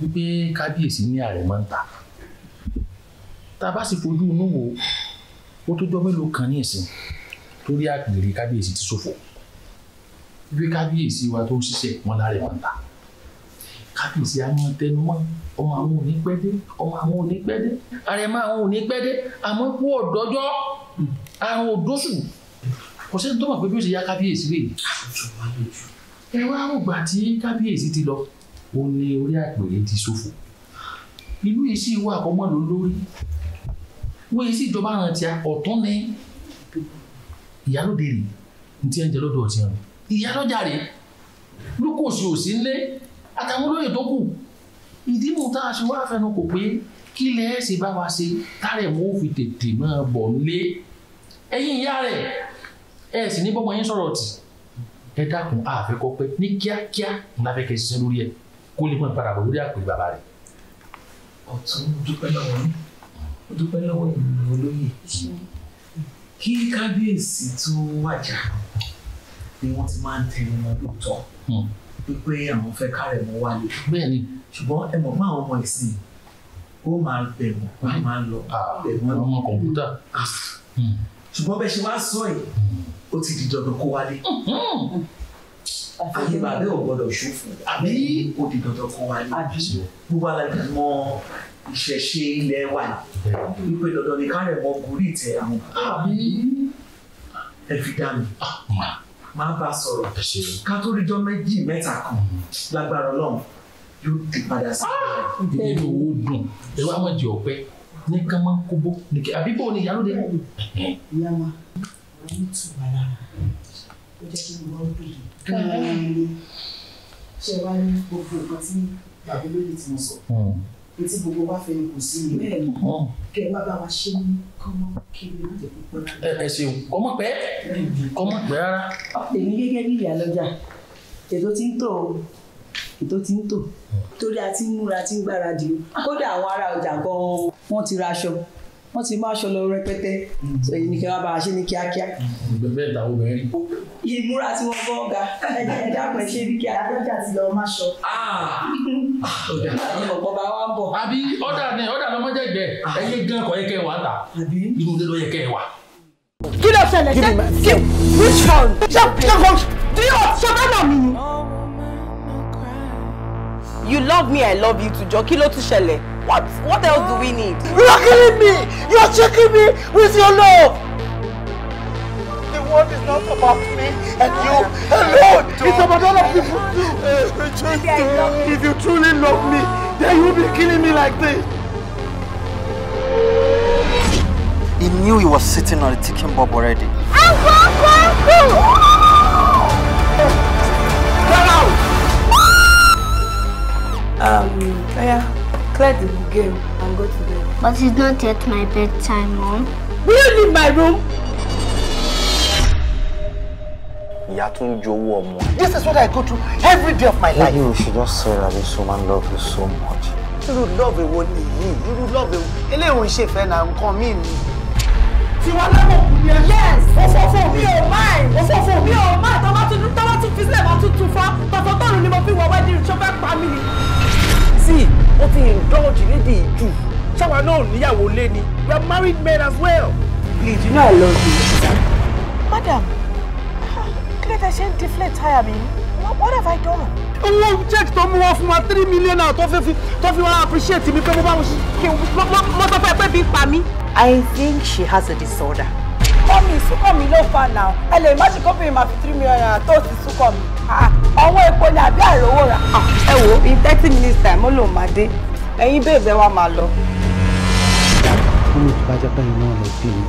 wípé kábíyèsí ní àrẹ̀mọ ń ta tá a bá sì fojú inú wo ó tó jọ mélòó kan ní ìsìn torí àpèrè kábíyèsí ti ṣòfò wípé kábíyèsí wa tó ń ṣiṣẹ́ wọn lárẹ̀mọ ń ta kábíyèsí a máa tẹnu mọ́ ọmọ àwọn òní pẹ́dé ọmọ àwọn òní pẹ́dé àrẹ̀mọ àwọn òní pẹ́dé àmọ́ kú ọ̀dọ́jọ́ àrùn òdóṣù kò sẹ́ni tó mọ̀ pé bí ó ṣe yá kábíyèsí rèé ẹ wá rògbà tí kábíyèsí ti lọ ó ní orí àpèrè ti ṣòfò ìlú yìí sì wà àkọ́mọ́nù lórí wọ́n yìí sì jọba àrántí ọ̀tún ní ìyálóde rè ní tí ẹ ń jẹ lọ́dọ̀ ọ̀tí ẹ̀rọ ìyálọ́jà rè lókòsì òsì ńlẹ̀ àtàwọn olóyè tó kù ìdíbò tá a ṣe wá fẹnu kò pé kí lẹ ẹ ṣe bá wa ṣe tárẹ̀ mọ́ fi tètè máa bọ̀ nílé ẹ̀yin ìyá rẹ̀ ẹ sì ní bọ́mọ yín sọ̀rọ̀ tì ẹ dákun àfẹ́kọ́ pé ní kíákíá ńlá fẹ́ kẹ́ ṣiṣẹ́ lórí ẹ̀ kó lè mọ̀ padà bọ̀ lórí àpè bàbá rẹ̀. ọ̀tún mo dúpẹ́ lọ́wọ́ yín mo dúpẹ́ lọ́wọ́ ìmọ̀ olóyè kí kábíyèsí tó wàjà ni wọ́n ti máa ń tẹnu wọn lóòótọ́ hmm. wípé àwọn fẹ́ kárẹ̀ mọ́ wálé. bẹ́ẹ̀ni. ṣùgbọ́n ẹ mọ̀ fún àwọn ọmọ ìsìn ó máa bẹ̀ wọ́n wọ́n máa lọ ah, bẹ̀ wọ́n. ọmọ kọ̀ǹpútà. Ah. Hmm. ṣùgbọ́n bẹ́ẹ̀ ṣe wá sọ yìí ó ti di dandan kó wálé. Hmm àyè bàbá ò gbọdọ̀ ṣòfò àbí òdì dandan kan wá ní àbísọ gbogbo alájà mọ ìṣẹ̀ṣe ilẹ̀ wa wípé dandan ni kárẹ̀ mọ gorí ìtẹ̀ àwọn àbí ẹ fi dá mi máa bá sọ̀rọ̀ ká tó ríjọ́ méjì mẹ́ta kan lágbára ọlọ́run yóò ti padà sí i. nínú owó dùn ẹ wá mọ̀ jẹ́ ọ̀pẹ ní ká máa kóbó àbí bò ní ìyálò dé. ìyá wa ọ̀rọ̀ ń tù wá lára ó jẹ́ kí ìwọ pè é ṣe wá ní gbogbo nǹkan tí bàbá olóyè ti mọ̀ sọ etí hmm. gbogbo wa fẹ́ kò sí ní bẹ́ẹ̀ ni hmm. kẹ wá bá wa ṣe ní kọ́mọ kiri má jẹ́ púpọ̀ ẹ ṣeun kọ́mọ pẹ́ kọ́mọ pẹ́ rárá. èmi gẹ́gẹ́ bí ìyá lọ́jà ètò tí ń tò ètò tí ń tò hmm. torí a ti ń múra a ti ń gbáradì kódà àwọn ará ọjà gan-an wọ́n ti ra aṣọ wọ́n ti máa ṣọlọ rẹpẹtẹ èyí ni kí wọ́n bá a ṣe ní kíákíá. bẹ́ẹ̀ ta obìnrin. ìmúra tí wọ́n bọ́ ọ̀gá ẹ dákun ẹ ṣe ní kíá. àdójà ti lọ máa ṣọ. Ah! ọ̀dà ni ọ̀pọ̀ bá wa ń bọ̀. àbí ọ̀dà ni ọ̀dà lọ́mọdégbẹ̀ ẹ̀yẹ gan kọ̀ yẹ kẹ́ ta inú ilé ló yẹ kẹ́ wà. kí ló ṣẹlẹ̀ ṣe kí which one you love me i love you too jọ kí ló tún ṣẹlẹ̀. What? What else do we ah. need? You are killing me! You are checking me with your love! The world is not about me and ah. you alone! It's about other people too! If you truly love me, then you will be killing me like this! He knew he was sitting on a ticking bomb already. Get out! Um, oh, yeah. Clear the game and go to bed. But it's not yet my bedtime, Mom. Will you leave my room? This is what I go through every day of my life. Maybe we should just say that this woman loves you so much. Irú love èwo nìyí? Irú love a woman ò ń ṣe ìfẹ́ náà nǹkan míì ni. Tiwa lábọ̀ kù ni ẹ. Yes! Òfófó mi ò máì! Òfófó mi ò máì! Tọ́ba tún tọ́ba tún fi sílẹ̀ máa tún tún fa. Tọ̀tọ̀ tọ̀run ni mo fi wọ wedding ring tó fẹ́ pa mí ni. See, ó ti indulge nídìí jù ṣáwa náà níyàwó lé ni we are married men as well. please you know i love you. madam kí ló dé ṣe ń deflate tire mi what have i done. owó check tó mú wọn fún wa three million naira tó fi tó fi wọn appreciate mi pé mo bá wọn ṣe mo sọ fún ẹ pé bí pa mí. i think she has a disorder. mọ́mí ìsúkọ̀ mi ló fa náà ẹ lè má ṣe kó bí màá fi three million naira tó sì súkọ̀ mi. Ah ọwọ́ epo ni àbí àìrówó rà. ẹ wo in thirty minutes time ó lòun máa dé ẹ̀yin bèbè wa máa lọ. wọ́n mi tó bá jẹ́ pé ẹ̀yin náà lọ bí mi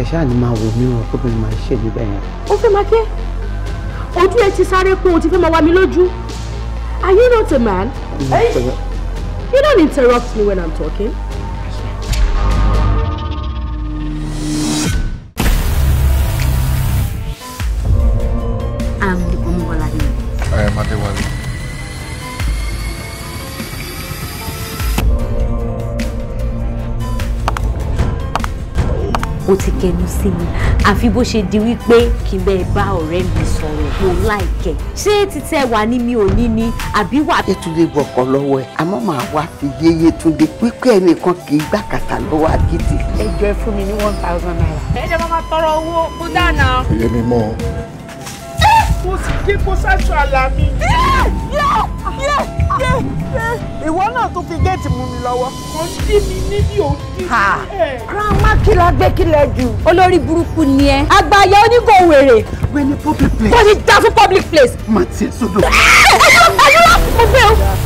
ẹ ṣáà ní máa wò mí wọn kó bẹ́ẹ̀ máa ṣe níbẹ̀ yẹn. ó fẹ́ máa ké ojú ẹ ti sáré pé o ti fẹ́ máa wá mi lójú are you not a man? hey, you don't interrupt me when I'm talking. este huevo. mo ti kẹnu sí mi àfi bó ṣe di wípé kí n bẹ bá ọ̀rẹ́ mi sọ̀rọ̀ mo láìkẹ ṣé títẹ wà ní mi ò ní ni àbí wà. yétúndé gbọkọ lọ́wọ́ ẹ àmọ́ màá wá fi yé yétúndé pípẹ́ ẹnìkan kì í gbà kàtà lọ́wọ́ agídí. ẹ ẹ fún mi ní one thousand naira. ẹ jẹ́ bá máa tọrọ owó kú dáná. ìyẹn mi mọ́ kó sí kí kó sáṣọ àlà mi. ìwọ náà tún fi géètì mú mi lọ́wọ́. kò dí mi níbi òdì. grandma kìlọ̀ gbẹ́kìlẹ̀ jù. olórí burúkú ni ẹ. àgbàyà onígò wèrè. wẹ́n ní public place. bó ti já fún public place. má tiẹ̀ sódò.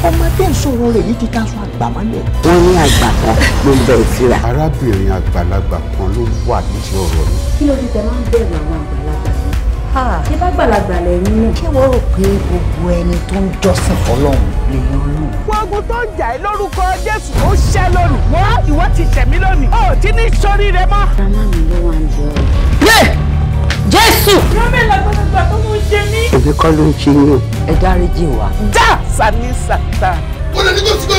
ọmọ tó ń sọ̀rọ̀ rẹ̀ yìí ti ká sọ àgbà mọ́lẹ̀. wọ́n ní àgbà kan ló ń bẹ ìfira. arábìnrin àgbàlagbà kan ló wà níṣẹ́ ọ̀rọ̀ yìí. kí ló dé tẹ máa ń bẹ̀rù àwọn àgbàlagbà ṣé bá gbàlagbà lẹ́yìn náà. ṣé wọ́n rò pé gbogbo ẹni tó ń jọ́sìn fọlọ́run lè yan olóhùn. tó ń jà ẹ́ lórúkọ jésù ó ṣẹ́ lónìí wọ́n ìwọ ti ṣẹ̀mí lónìí ó ti ní sórí rẹ mọ́. màmá mi ló wà ní ọ̀rọ̀. yé jésù. yọ́mẹ̀ lọ́gbọ̀dọ̀gbà tó mú ṣe mí. èmi kọ́ ló ń ṣe yín o. ẹ dáríjì wa. dá sani sata. ó ní kó sígbà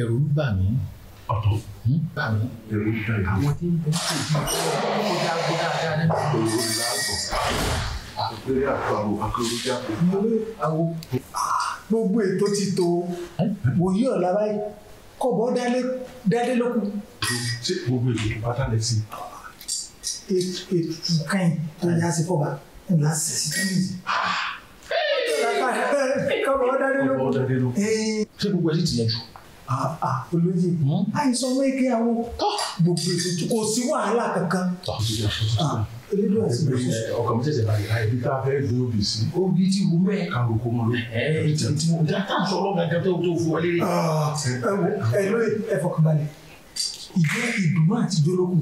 ẹ̀rù ń bà mí ọ̀tọ̀ ń bà mí ẹ̀rù ń bà mí àwọn tí ń bẹ sí ìlú ó dá gbé dáadáa nínú ìlú ìlú àgbọ̀ àpẹẹrẹ àpàrọ̀ akéròjà kò ní olè àwọ. gbogbo ètò ti tó wòye ọ̀la báyìí kọ̀bọ̀ dálé lókun. ṣé gbogbo ètò pátá lè sí. ètò kan yìí tó yá sí fọba ńlá sí sí tó nìyí ah! ṣé gbogbo ẹ ti tìyànjú. Ah, ah, olóyè hmm? àìsàn méje àwọn gbogbo ètò kò sí wàhálà kankan. Ah, ọkàn mi tẹ̀sẹ̀ báyìí àìbí tá a fẹ́ gbé obì sí. obì ti wú mẹ́. kàrò kó mọ ló. ẹ ẹ ti mú dátà sọ̀rọ̀ gàdá tó tó fún wọlé. ẹ lóye ẹ fọkànbalẹ̀ ìjẹ́ ìdùnnú àti jólókù.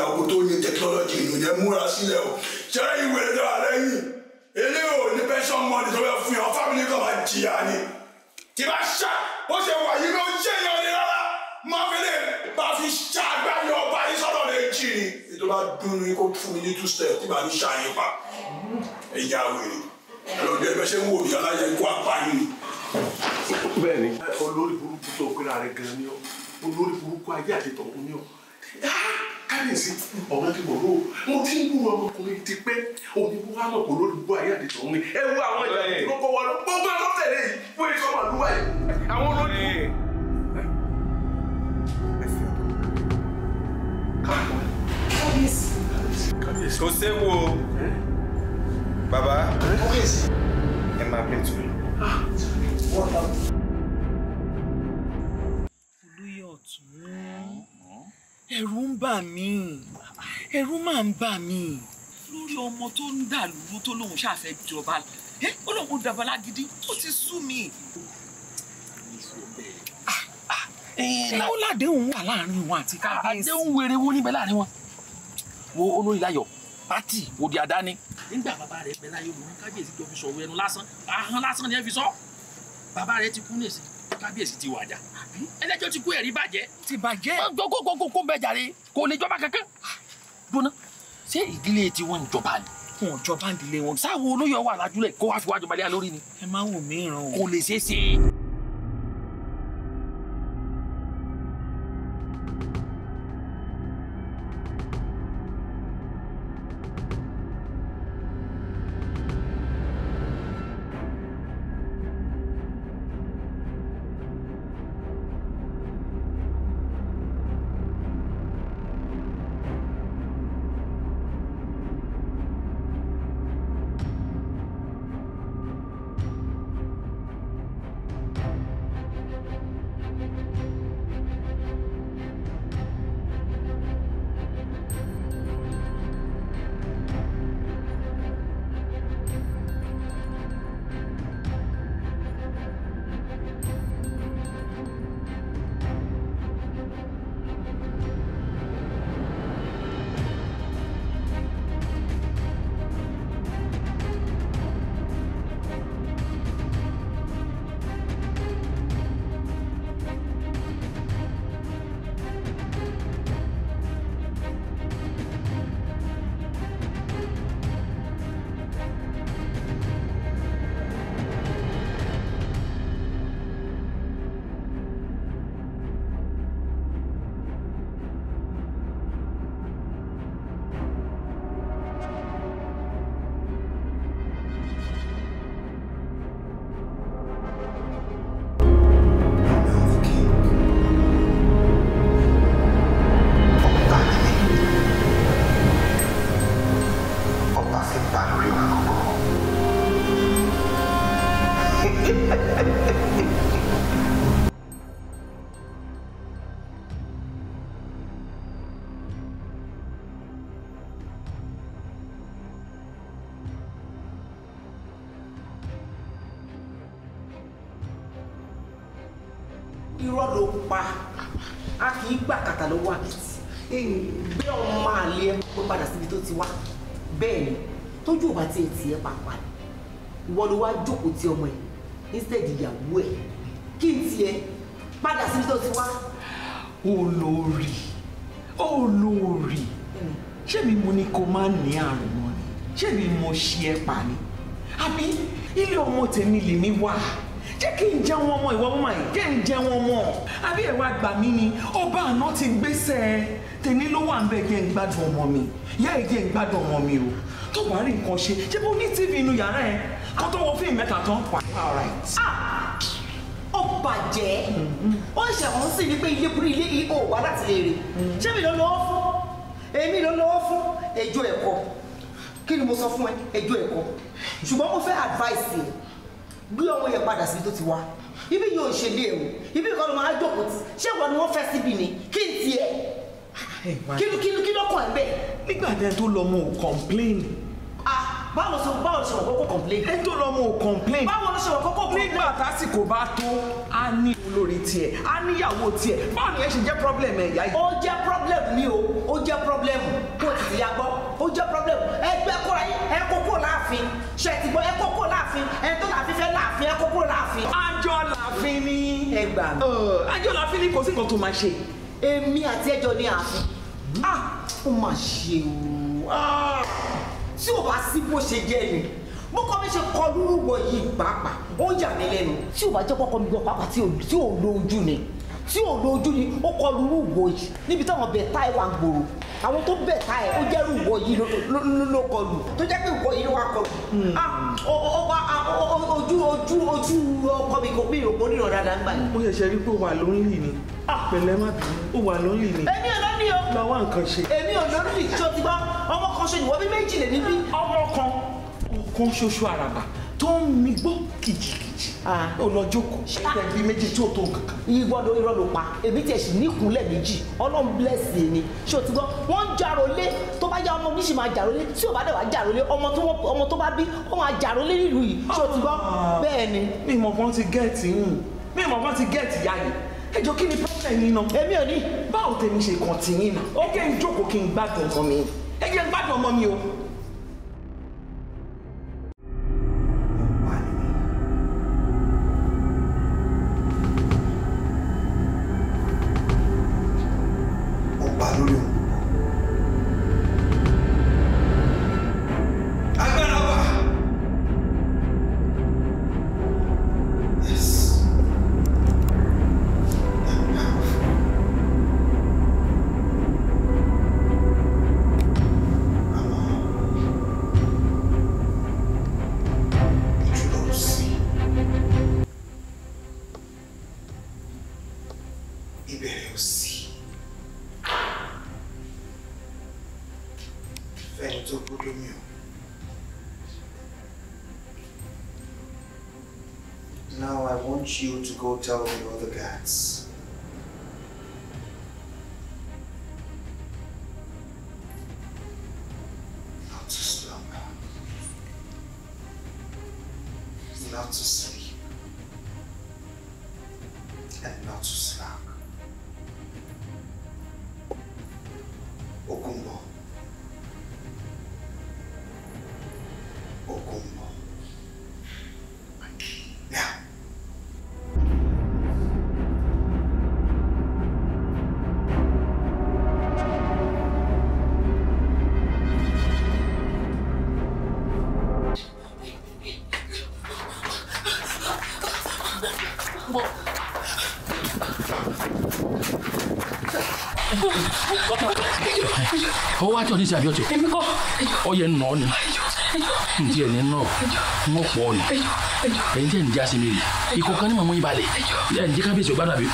padà o kò tó ní technology inú yẹn múra sílẹ̀ o ṣé ìwé rẹ̀ wà lẹ́yìn ilé ò ní pension money tó bẹ fún yàn family kan máa jìyà ni tí bá ṣá bó ṣe wà yìí ló ń ṣe èèyàn ni rárá máa fi lè bá fi ṣá agbáyé ọba yìí sọ́dọ̀ lè jì ni ètò bá dùn ní kó fún mi ní two step tí màá ní ṣàyẹn pa ẹ̀yà wèrè ẹ̀rọ bí ẹgbẹ́ ṣe ń wò mí aláyẹ ikú apáyé ni. bẹ́ẹ̀ni olórí burúkú tó kúrò àrẹ gan ni ọ olórí burúkú ayé àti tọkùn ọ kábíyèsí ọ̀gá ti bọ̀rọ̀ mo ti ń gbúrò ọmọkùnrin ti pẹ́ òní mo wá mọ̀kò lórí gbọ́ ayé àdìtò òun ni ẹ wo àwọn ìjà tó kọ́ wọn lọ gbogbo àwọn tẹ̀lé yìí fún èso màlúwà yìí àwọn olórí. kábíyèsí kò séwu o bàbá ẹ máa bẹ̀ tù. ẹ̀rù ń bà mí ẹ̀rù máa ń bà mí lórí ọmọ tó ń dà lúrú tó lóun ṣàfẹ́ jọba ó lóun dàbàlá gidi ó ti sú mi. ó ah, ah, eh, ládéhùn wà láàrin wọn àti kábíyèsí. àdéhùn wèrè wo níbẹ̀ láàrin wọn wo olóyè láyọ̀ pátì òdì àdáni. nígbà bàbá rẹ̀ bẹ̀ láyé olùrán kábíyèsí tó fi sọ̀rọ̀ ẹnu lásán ahọ́n lásán ni ẹ fi sọ bàbá rẹ̀ ti kú nìsín kábíyèsí ti wàjà ẹlẹ́jọ́ ti kú ẹ̀rí bàjẹ́. ti bàjẹ́. kókókókó kó bẹ jàre kò ní jọba kankan. gbóná ṣé ìdílé tiwọn ń jọba ni. wọn jọba ń dilé wọn. sáwọn olóyè wà lájúlẹ̀ kó wá fi wájú balẹ̀ lórí ni. ẹ má wò mí ràn o. kò lè ṣeé ṣe. ló wá jókòó ti ọmọ yìí instead ìyàwó ẹ̀ kí n tiẹ̀ padà síbi tó ti wá. olórí olórí ṣé mi mo ní kó má ní àrùn mọ́ ni ṣé mi mo ṣí ẹ pa ni àbí ilé ọmọ tèmi lèmi wà jẹ́ kí n jẹ́ wọn mọ́ ìwọ mọ́ yìí jẹ́ n jẹ́ wọn mọ́ àbí ẹ̀wà àgbà mi ni ọba àná ti gbéṣẹ́ ẹ tèmi ló wà ń bẹ jẹ́ n gbádùn ọmọ mi ìyá ẹ̀ jẹ́ n gbádùn ọmọ mi o tó bá rí nǹkan ṣe ṣé bó ní tv inú yàrá ẹ kó tó wo fíìmù mẹ́ta tán. Ah! ó bàjẹ́ mm-hmm. ó ń ṣàwọn sí ni pé ilé burú ilé ìhò wá láti lè rè mm-hmm. ṣé mi ló lọ́wọ́ fún èmi ló lọ́wọ́ fún ẹjọ́ ẹ̀kọ́ kí ni mo sọ fún ẹ ẹjọ́ ẹ̀kọ́ ṣùgbọ́n mo fẹ́ advice yẹn gbé ọmọ yẹn padà síbi tó ti wá ibi yóò ṣe lé ẹ̀wò ibi kan ló máa jókòó tí ṣé ìwọ ni wọ́n fẹ́ síbi ni kí n tiẹ̀ kí ló kàn ẹ́ bẹ́ẹ̀. nígbà tẹ́ tó lọ mo complain báwo ṣe báwo ṣe wọ̀ kọ́kọ́ complain. ẹ tó lọ mo complain. báwo ló ṣe wọ̀ kọ́kọ́ complain. nígbà tásìkò bá tó a ní olórí tiẹ̀ a níyàwó tiẹ̀ báwo ni ẹ ṣe jẹ́ problem ẹ̀ yá yìí. ó jẹ́ problem ni o ó jẹ́ problem kó o ti ya gbọ́ ó jẹ́ problem ẹgbẹ́ kóra ẹ kó kó láàfin ṣe ti gbọ́ ẹ kó kó láàfin ẹ tó láàfin fẹ́ láàfin ẹ kó kó láàfin. àjọ láàfin ni. ẹ gbà mí. àjọ láàfin ni kò sí nǹkan tó máa ṣe. èmi àti ẹjọ ni àfin. ah ó mà ṣe o. Ah tí ò bá sí bó ṣe jẹ́ ni bó kọ́ mi ṣe kọ lúrú wọ yìí pàápàá ó yà mí lẹ́nu. tí ò bá jẹ́ kọ́kọ́ mi gbọ́ pàápàá tí ò lo ni tí ò lójú ni ó kọlu rúgbò yìí níbi táwọn bẹ̀ tá ẹ̀ wà gbòòrò àwọn tó bẹ̀ tá ẹ̀ ó jẹ́ rúgbò yìí ló kọlu tó jẹ́ pé rúgbò yìí ló wà kọlu hmm. ah, ojú ojú ojú ọkọ mi kò bí ìròpó níran dáadáa ń báyìí. mo ṣẹ̀ṣẹ̀ rí pé ó wà lónìí ni ah. pẹ̀lẹ́ má bínú ó wà lónìí ni. èmi ò lónìí o. lọ wá nǹkan ṣe. èmi ò lónìí tí o ti gbọ́ ọmọ kan ṣe ìwọ́bí méjì ọmọ kan kan ṣoṣo àràbà tó ń mi gbọ́ kìjìkì Ah. ó lọ jókòó ṣé ẹbí méjì tí ò tó kankan. ìgbọ́dọ̀ irọ́ ló pa èmi tiẹ̀ sì níkùnlẹ̀ méjì ọlọ́run blẹ́sì ni ṣé o ti gbọ́ wọ́n ń jarolé tó bá yá ọmọ mi sì máa jarolé tí ò bá dẹ̀ wá jarolé ọmọ tó bá bí ó máa jarolé nílùú yìí ṣé o ti gbọ́ ah. bẹ́ẹ̀ ni. mi mọ̀ bọ́n ti gẹ̀ẹ́tì hùn mi mọ̀ bọ́n ti gẹ̀ẹ́tì yá yìí ẹjọ́ kí ni pẹ́sẹ̀ yín náà. èmi ò ní. báwo tèmi ṣe kàn tì yín you to go tell me ti ń ṣe àbíọ̀tì ọyẹ nà ọ ni ntí ẹ̀ ní nà ọ ń pọ̀ ọ ni ẹ̀yin jẹ́ ǹjẹ́ àṣemẹ́rì ikọ̀ kan ní màmú yín balẹ̀ ẹ̀ ǹjẹ́ kábíyèsí ọgbàdàn àbí.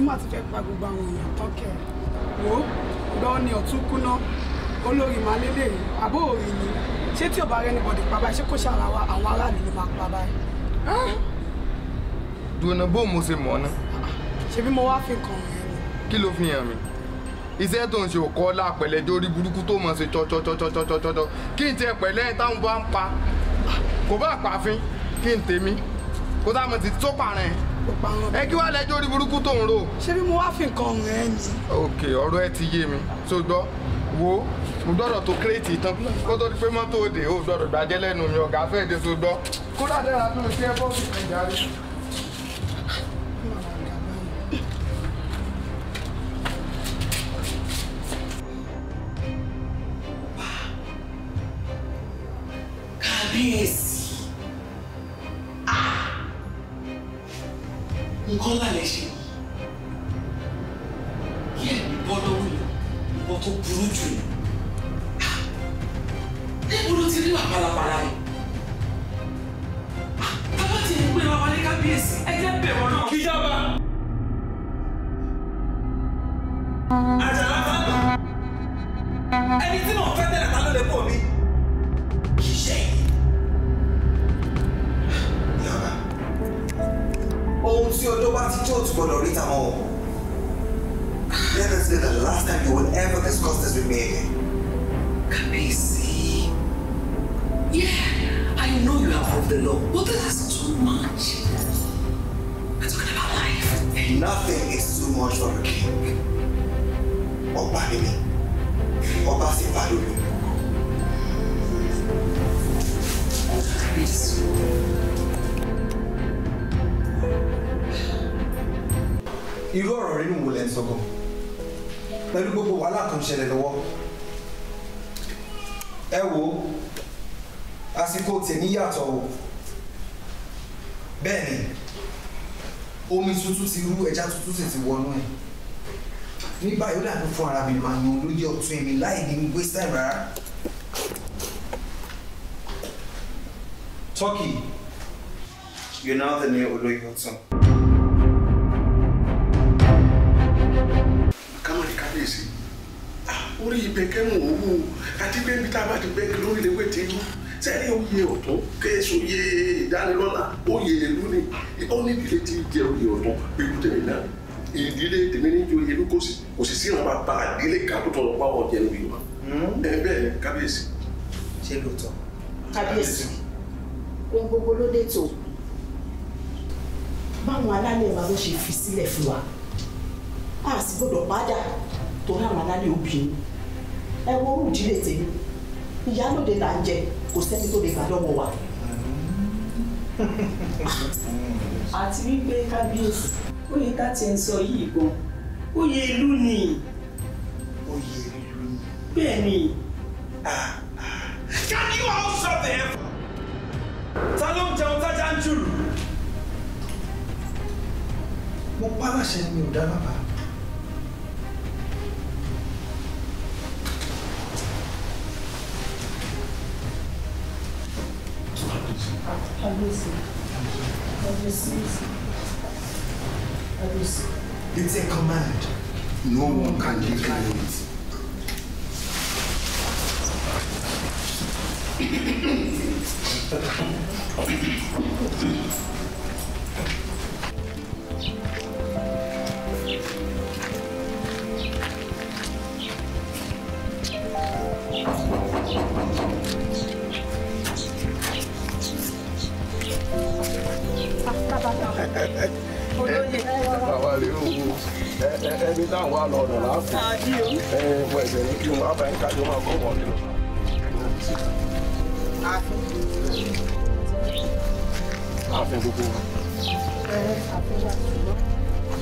tí màá ti fẹ́ pa gbogbo àwọn èèyàn tán kẹ wò ó lọ ni ọ̀tún kúná olórí màá lélẹ̀ yìí àbó òrì ni ṣé tí ọba rẹ nìbọdì pa báyìí ṣé kò ṣàrà wa àwọn aráàlú ló máa pa báyìí. Ah! dùnà bó mo ṣe mọ̀ ná. ṣebí mo wá fi kàn ọ́ yẹn ni. kí ló fi hàn mí iṣẹ́ tó ń ṣe òkọ́ lápẹ̀lẹ́ dórí burúkú tó mọ̀ ṣe tọ́tọ́tọ́tọ́tọ́tọ́ kí n tiẹ̀ pẹ̀lẹ́ táwọn bá ń pa kò bá pàfin kí n tèmi kó tá a ti tó pààrọ̀ yẹn ẹ kí wàá lẹjọ́ orí burúkú tó ń rò. ṣé bí mo wá fi nǹkan ọ̀hún ẹ ni. ok ọ̀rọ̀ ẹ ti yé mi tó gbọ́ wo mo gbọ́dọ̀ tó kírètì tán kó tó di pé mọ́tò òde ò gbọ́dọ̀ gbàjẹ́ lẹ́nu mi ọ̀gá fẹ́ẹ́ dé tó gbọ́ kó dáadáa tó lè fi ẹ́ bọ́ọ̀sì kan jáde. later on. Let us be the last time you will ever discuss this with me Kabisi. Yeah, I know you have of the law, but this is too much. We're talking about life. nothing is too much for a king. Obanimi. Obasipadulu. Please. irú ọ̀rọ̀ rírù wo lẹ́ ń sọ gan pẹ̀lú gbogbo wàhálà kan ṣẹlẹ̀ lọ́wọ́ ẹ wo àsìkò tèmi yàtọ̀ o bẹ́ẹ̀ ni omi tuntun ti rú ẹja tuntun sì ti wọnú ẹ̀ ní báyìí ó dàbí fún ara mi màá yan olóyè ọ̀tún èmi láì ní waste time rárá. Turkey, you're now the new Oloyotun. orí ibẹ̀ kẹ́mù owó àti pé níbi tá a bá ti gbẹ́ lórí lè wé ti rú sẹ́ni oyè ọ̀tún kéésù oyè ìdánilọ́lá oyè ìlú ni onídìílé ti jẹ oyè ọ̀tún pẹ̀lú tẹ̀mí náà ìdílé tèmi ní ju oyè lóko sí kò sì síran bá ba ìdílé kan tó tọrọ pa wọn jẹ lórí wa hmm? ẹ bẹ́ẹ̀ kábíyèsí. ṣé lóòótọ́ kábíyèsí ohun gbogbo ló dé tó báwọn alálẹ̀ wa ló ṣe fi sílẹ̀ fún wa a sì gbọ́dọ̀ padà torí àwọn alálẹ̀ obìnrin ẹ wo orú ìdílé tèmi ìyálóde là ń jẹ kò sẹ́ni tó lè gbà lọ́wọ́ wa. àti wípé kábíyèsí oyè tá ti ń sọ yìí gan oyè ìlú ni. oyè ìlú ni. bẹ́ẹ̀ ni. Ah, ah. Can you all shut the f. ta ló ń jẹun tájà ń jùlù. mo pa aláṣẹ mi ò dá bàbá. It's a command. No one can decline it. olóyè bàbá rẹ o ẹni táwọn wà lọ́nà láàfin ẹ wọ ẹ̀jẹ̀ ní kí n máa bá ń kájọ máa kọ́ wọ́n nílò. àfin gbogbo wa.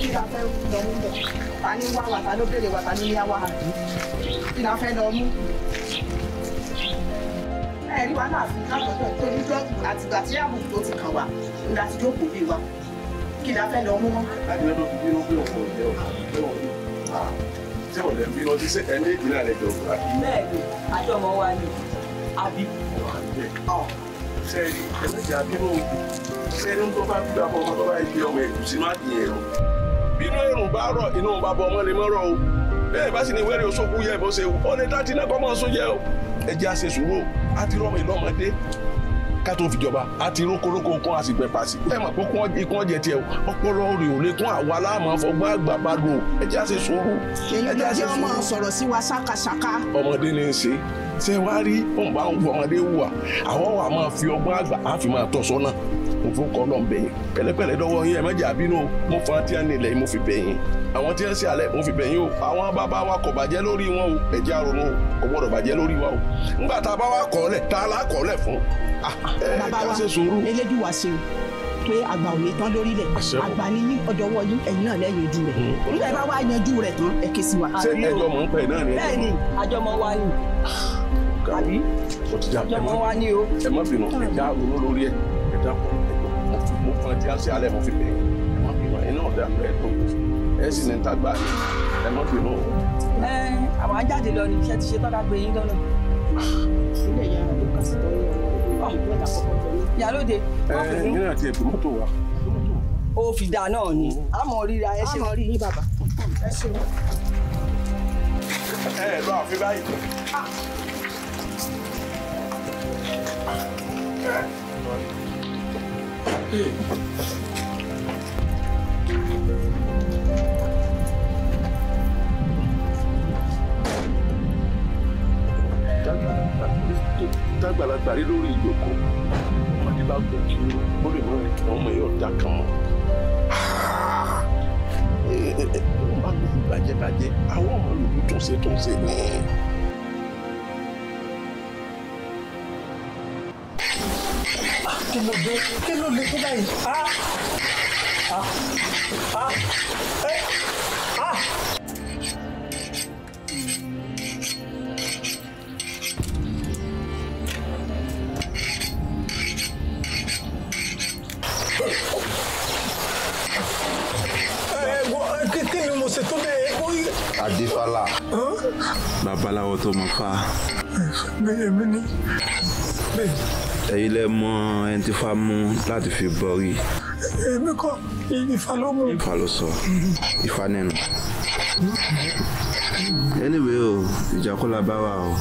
kí la fẹ́ lọ mú bẹ̀ ta ni wá wa ta ló béèrè wa ta ni yá wa kí la fẹ́ lọ mú ẹ̀rí wa náà fi ká lọ́dọ̀ tó ní dọ́ọ̀bù àtìgbà tí àbùkù tó ti kàn wá ìrìn àtijọ́ kò bí wa kí la fẹ́ lọ mú mọ́. láti lọ́dọ̀ fi bínú pé ọ̀pọ̀ ìjẹ́ ọ̀pọ̀ tí ọ̀lẹ́ ń bínú ọdún sí ẹni èdè náà lẹ́jọ́ òkúra. bẹ́ẹ̀ ni àjọ ọmọ wa ni àbí. sẹ́ẹ̀rì ẹlẹ́jẹ̀ àbínú sẹ́ẹ̀rì tó bá gbé ọmọ ọmọ bá yẹ ọmọ ẹ̀gúsí má dì o. bínú ẹ̀rùn bá rọ̀ inú bá bọ ọmọ lè mọ́ rọ̀ o bẹ́ẹ̀ bá sì ni wẹ́rẹ́ oṣooku yẹ bó ṣe ó ọ ká tó fi jọba a ti rókórókó nǹkan a sì pẹ̀ pàṣẹ. ẹ mọ̀ pé ikú ọ̀jẹ̀ tiẹ̀ ọpọlọ rẹ̀ ò lè kún àwa láàmú afọgbọ́n àgbà bá lò ẹ jẹ́ àṣẹ sùúrù. èyí ló jẹ́ ọmọ sọ̀rọ̀ sí wa ṣákaṣáka. ọmọdé ni ń ṣe ṣé wàá rí òun bá ń fọ ọmọdé wà àwọn wà máa fi ọgbọ́n àgbà á fi máa tọ́ sọ́nà mo fún kọ́ lọ́nbẹ̀yìn àwọn tí wọ́n ṣe alẹ́ mo fi bẹ̀ yín o àwọn bàbá wa kò bàjẹ́ lórí wọn o ẹ̀jẹ̀ àrònú o kò gbọ́dọ̀ bàjẹ́ lórí wa o ńgbà tá a bá wa kọ̀ lẹ̀ tá a lá kọ̀ lẹ̀ fún. bàbá wa elédùwà ṣe o pé àgbà òye tán lórílẹ̀ àgbà ni ní ọ̀dọ̀wọ́ yín ẹ̀yin náà lẹ́yìn ojú rẹ̀ nígbà bá wá yanjú rẹ̀ tán ẹ ké sí wa. ṣé ẹjọ mọ ń pẹ náà ni. bẹ́ẹ̀ ni àjọmọ wa ni àbí àjọmọ wa ni o. ẹ má bínú ẹ já ronú lórí ẹ ẹ dákun ẹ jọ mo fọn tí a ṣe alẹ mo fi bẹ ẹ má bínú ẹ náà dá ẹ tó kù fún mi ẹ sì ní tàgbà ni ẹ má bínú. ẹ àwọn ajáde lọ ni iṣẹ́ ti ṣe tọ́lá gbé yín lọ́nà. sílẹ̀ yẹn ló kà sí tọ́lé ìyálóde. ẹ ẹ nínú àti ẹ̀gbẹ́ mọ́tò wa. ó fi dà náà ni a mọ̀ ríra ẹ ṣe. a mọ̀ rí yín bàbá ẹ ẹ ẹ lọ àfi báyìí. Thank ah. you. tágbàlagbà rí lórí ìjòkó ọmọdé bá gbọ́ kí ó lè mọ́ni kí ọmọ yóò dá kan mọ́. bá mi bàjẹ́bàjẹ́ àwọn ọmọ lòdù tó ṣe tó ṣe ní. kí ló dé kí tó báyìí. Ah! Ah! Ah! Eh! Ah! babaláwo tó mọ fa. gbẹ̀yẹ̀mí ni bẹ́ẹ̀. ẹ̀yin lẹ mọ ẹni tí fa mú láti fi bọrí. èmi kọ́ Ifá ló mú. Ifá ló sọ Ifá nẹnu. anyway o ìjà kọ́ la bá wa o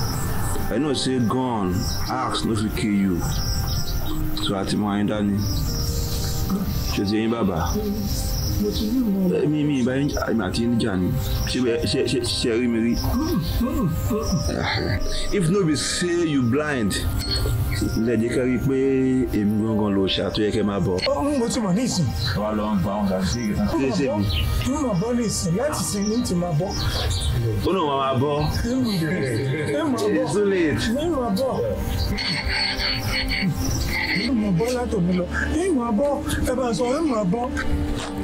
i know say gun axe no fit kill you so àti mọ àyín dání ṣètì ẹ̀yin bàbá. Mm -hmm mi mi ìbá yín àti yín jà ni ṣe rí mi rí. if no be say you blind lẹ́jẹ̀ ká rí i pé èmi gangan ló ṣe àtúnyẹ kẹ́ máa bọ̀. mo ti mọ̀ ní ìsìn. wàá lọ ń gba àwọn ọ̀gá sí ìgbà. ṣé ṣe mi. mo mọ̀ bọ́ ní ìsìn láti sin ní ti máa bọ́. ó náà máa bọ́. ẹ máa bọ́. it's too late. ẹ máa bọ́ ìmọ̀ bọ́ látòmí lọ ìmọ̀ bọ́ ẹ bá sọ ìmọ̀ bọ́.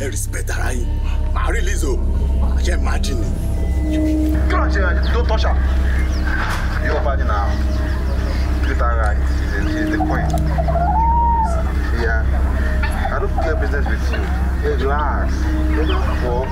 ẹ respect ara yín màá release o àṣẹ màá dì ní. kí ló ń ṣe tó tọ́ṣà yóò bá dín náà treat her right she's the queen yeah i don't get business with you relax you don't fall.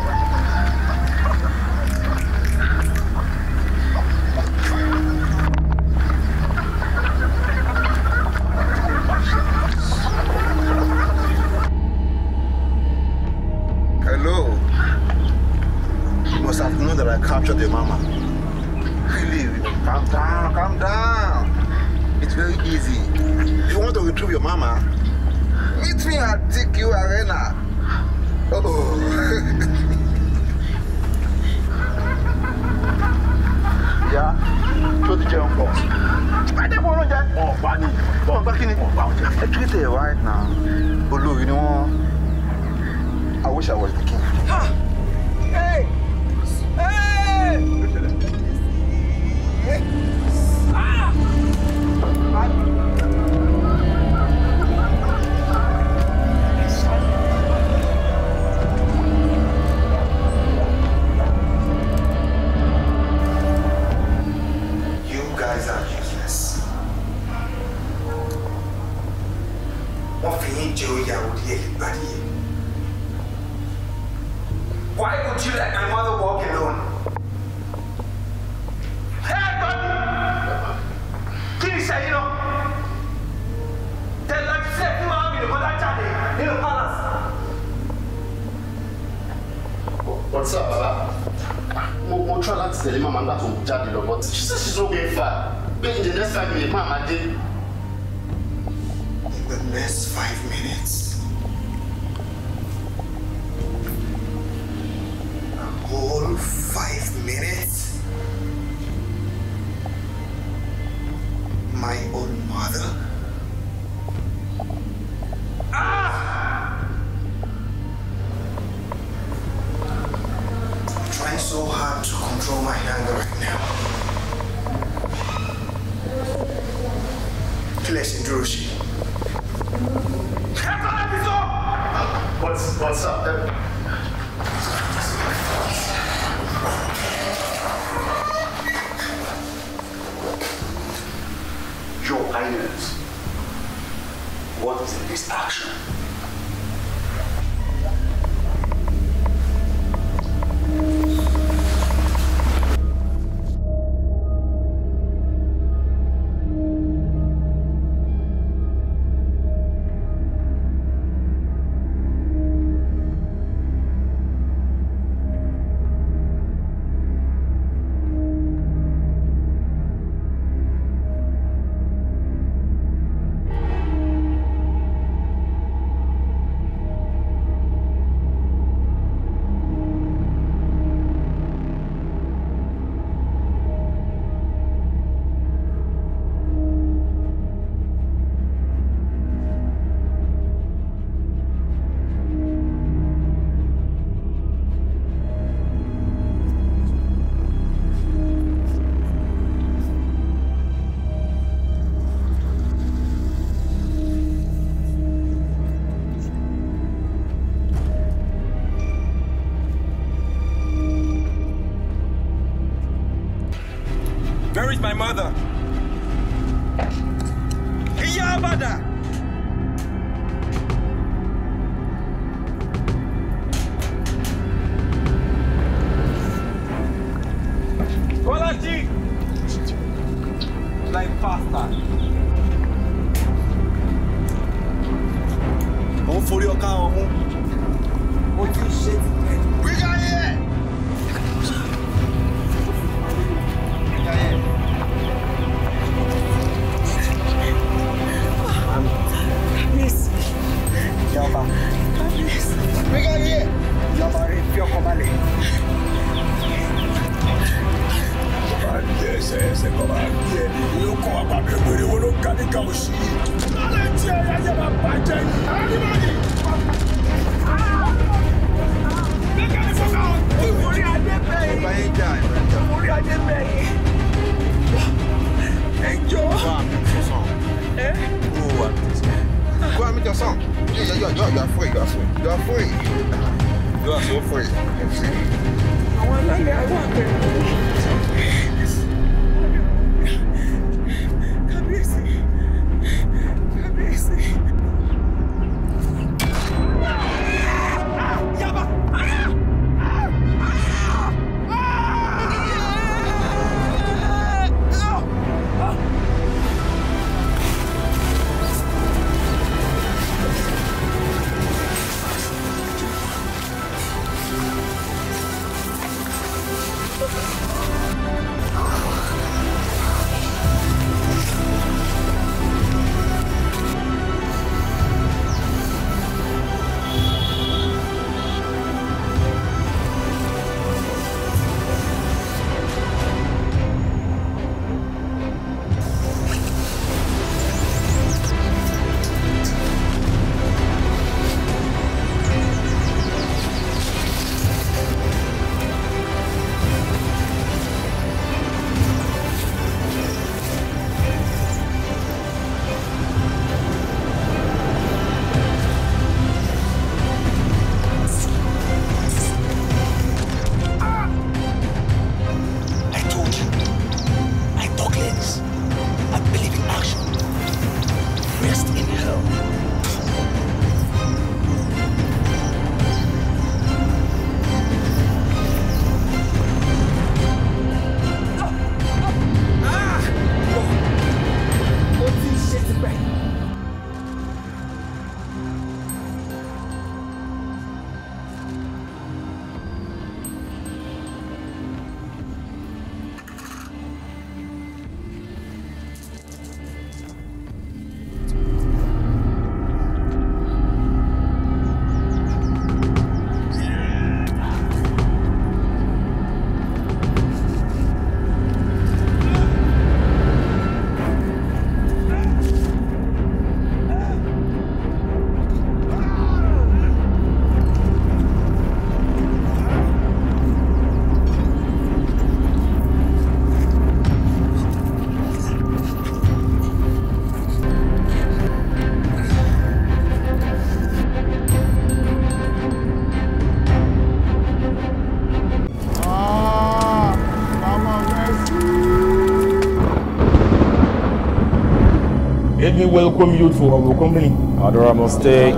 cordially welcome you to our company. Adora, must stay.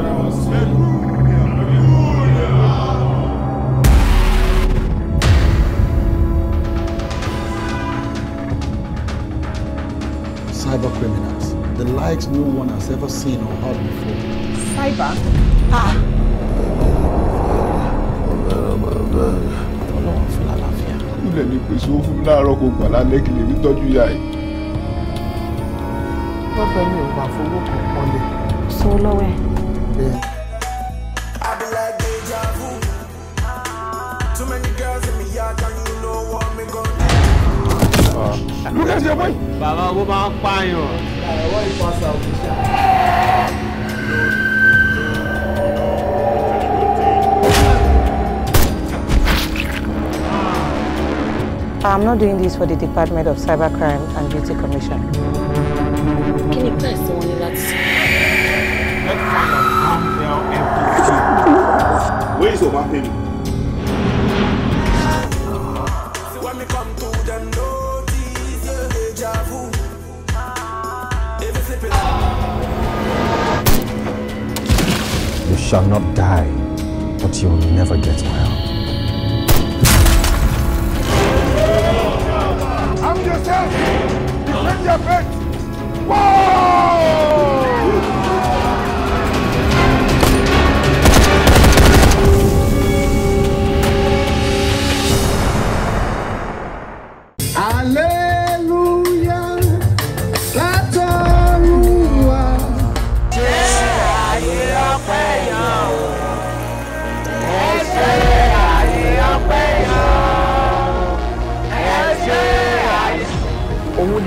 Cyber criminals, the likes no one has ever seen or heard before. Cyber? Ah! Ilé ni pèsè ó láàárọ̀ kò gbà lálẹ́ kí lè rí tọ́jú ìyá yìí. Look at your boy. baba òkúta. I'm not doing this for the Department of Cybercrime and Duty Commission. You shall not die, but you'll never get well. Arm yourself! Defend your faith! Whoa!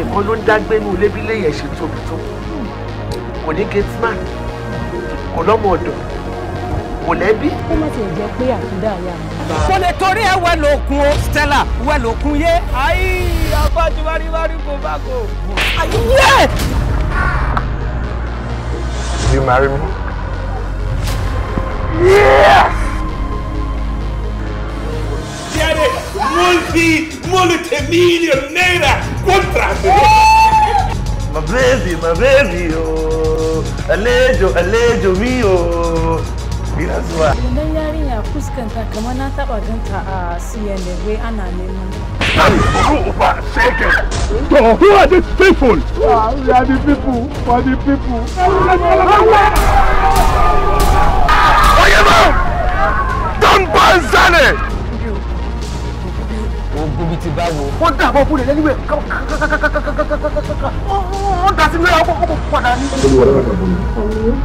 nìkan ló ń dágbé inú ilé bí léyìn tóbi tó kò ní gateman kò lọ́mọ ọ̀dọ̀ kò lẹ́bí. ó má ti jẹ́ pé àtúndà yà kò lè torí ẹ wẹ lókun o Stella wẹ lókun yé. ayé abájú wáríwárí kò bá kò. ayé. you marry me? Yes! Daddy, multi, multi millionaire! contract. my baby my baby ooo oh. àlejò àlejò mi ooo ina zuwa. idan yarinya fuskanta kamar na taba ganta a cnn wai ana neman So who are these people? Ah, we are the people We are the people. Oyema! Don Banzane! ti báwo. wọ́n dà bọ́ fúnlẹ̀ lẹ́nu ẹ̀ wọ́n dà sí ilé ọkọ̀ ọkọ̀ padà ní. olùwọlé àgbàbọ̀ mi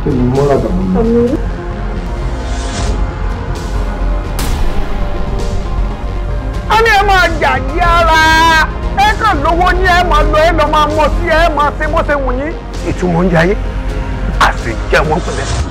èmi mọ́ra àgbàbọ̀ mi. a ní ẹ máa jàjí ara ẹ kàn lówó ní ẹ máa lọ ẹ lọ máa mọ sí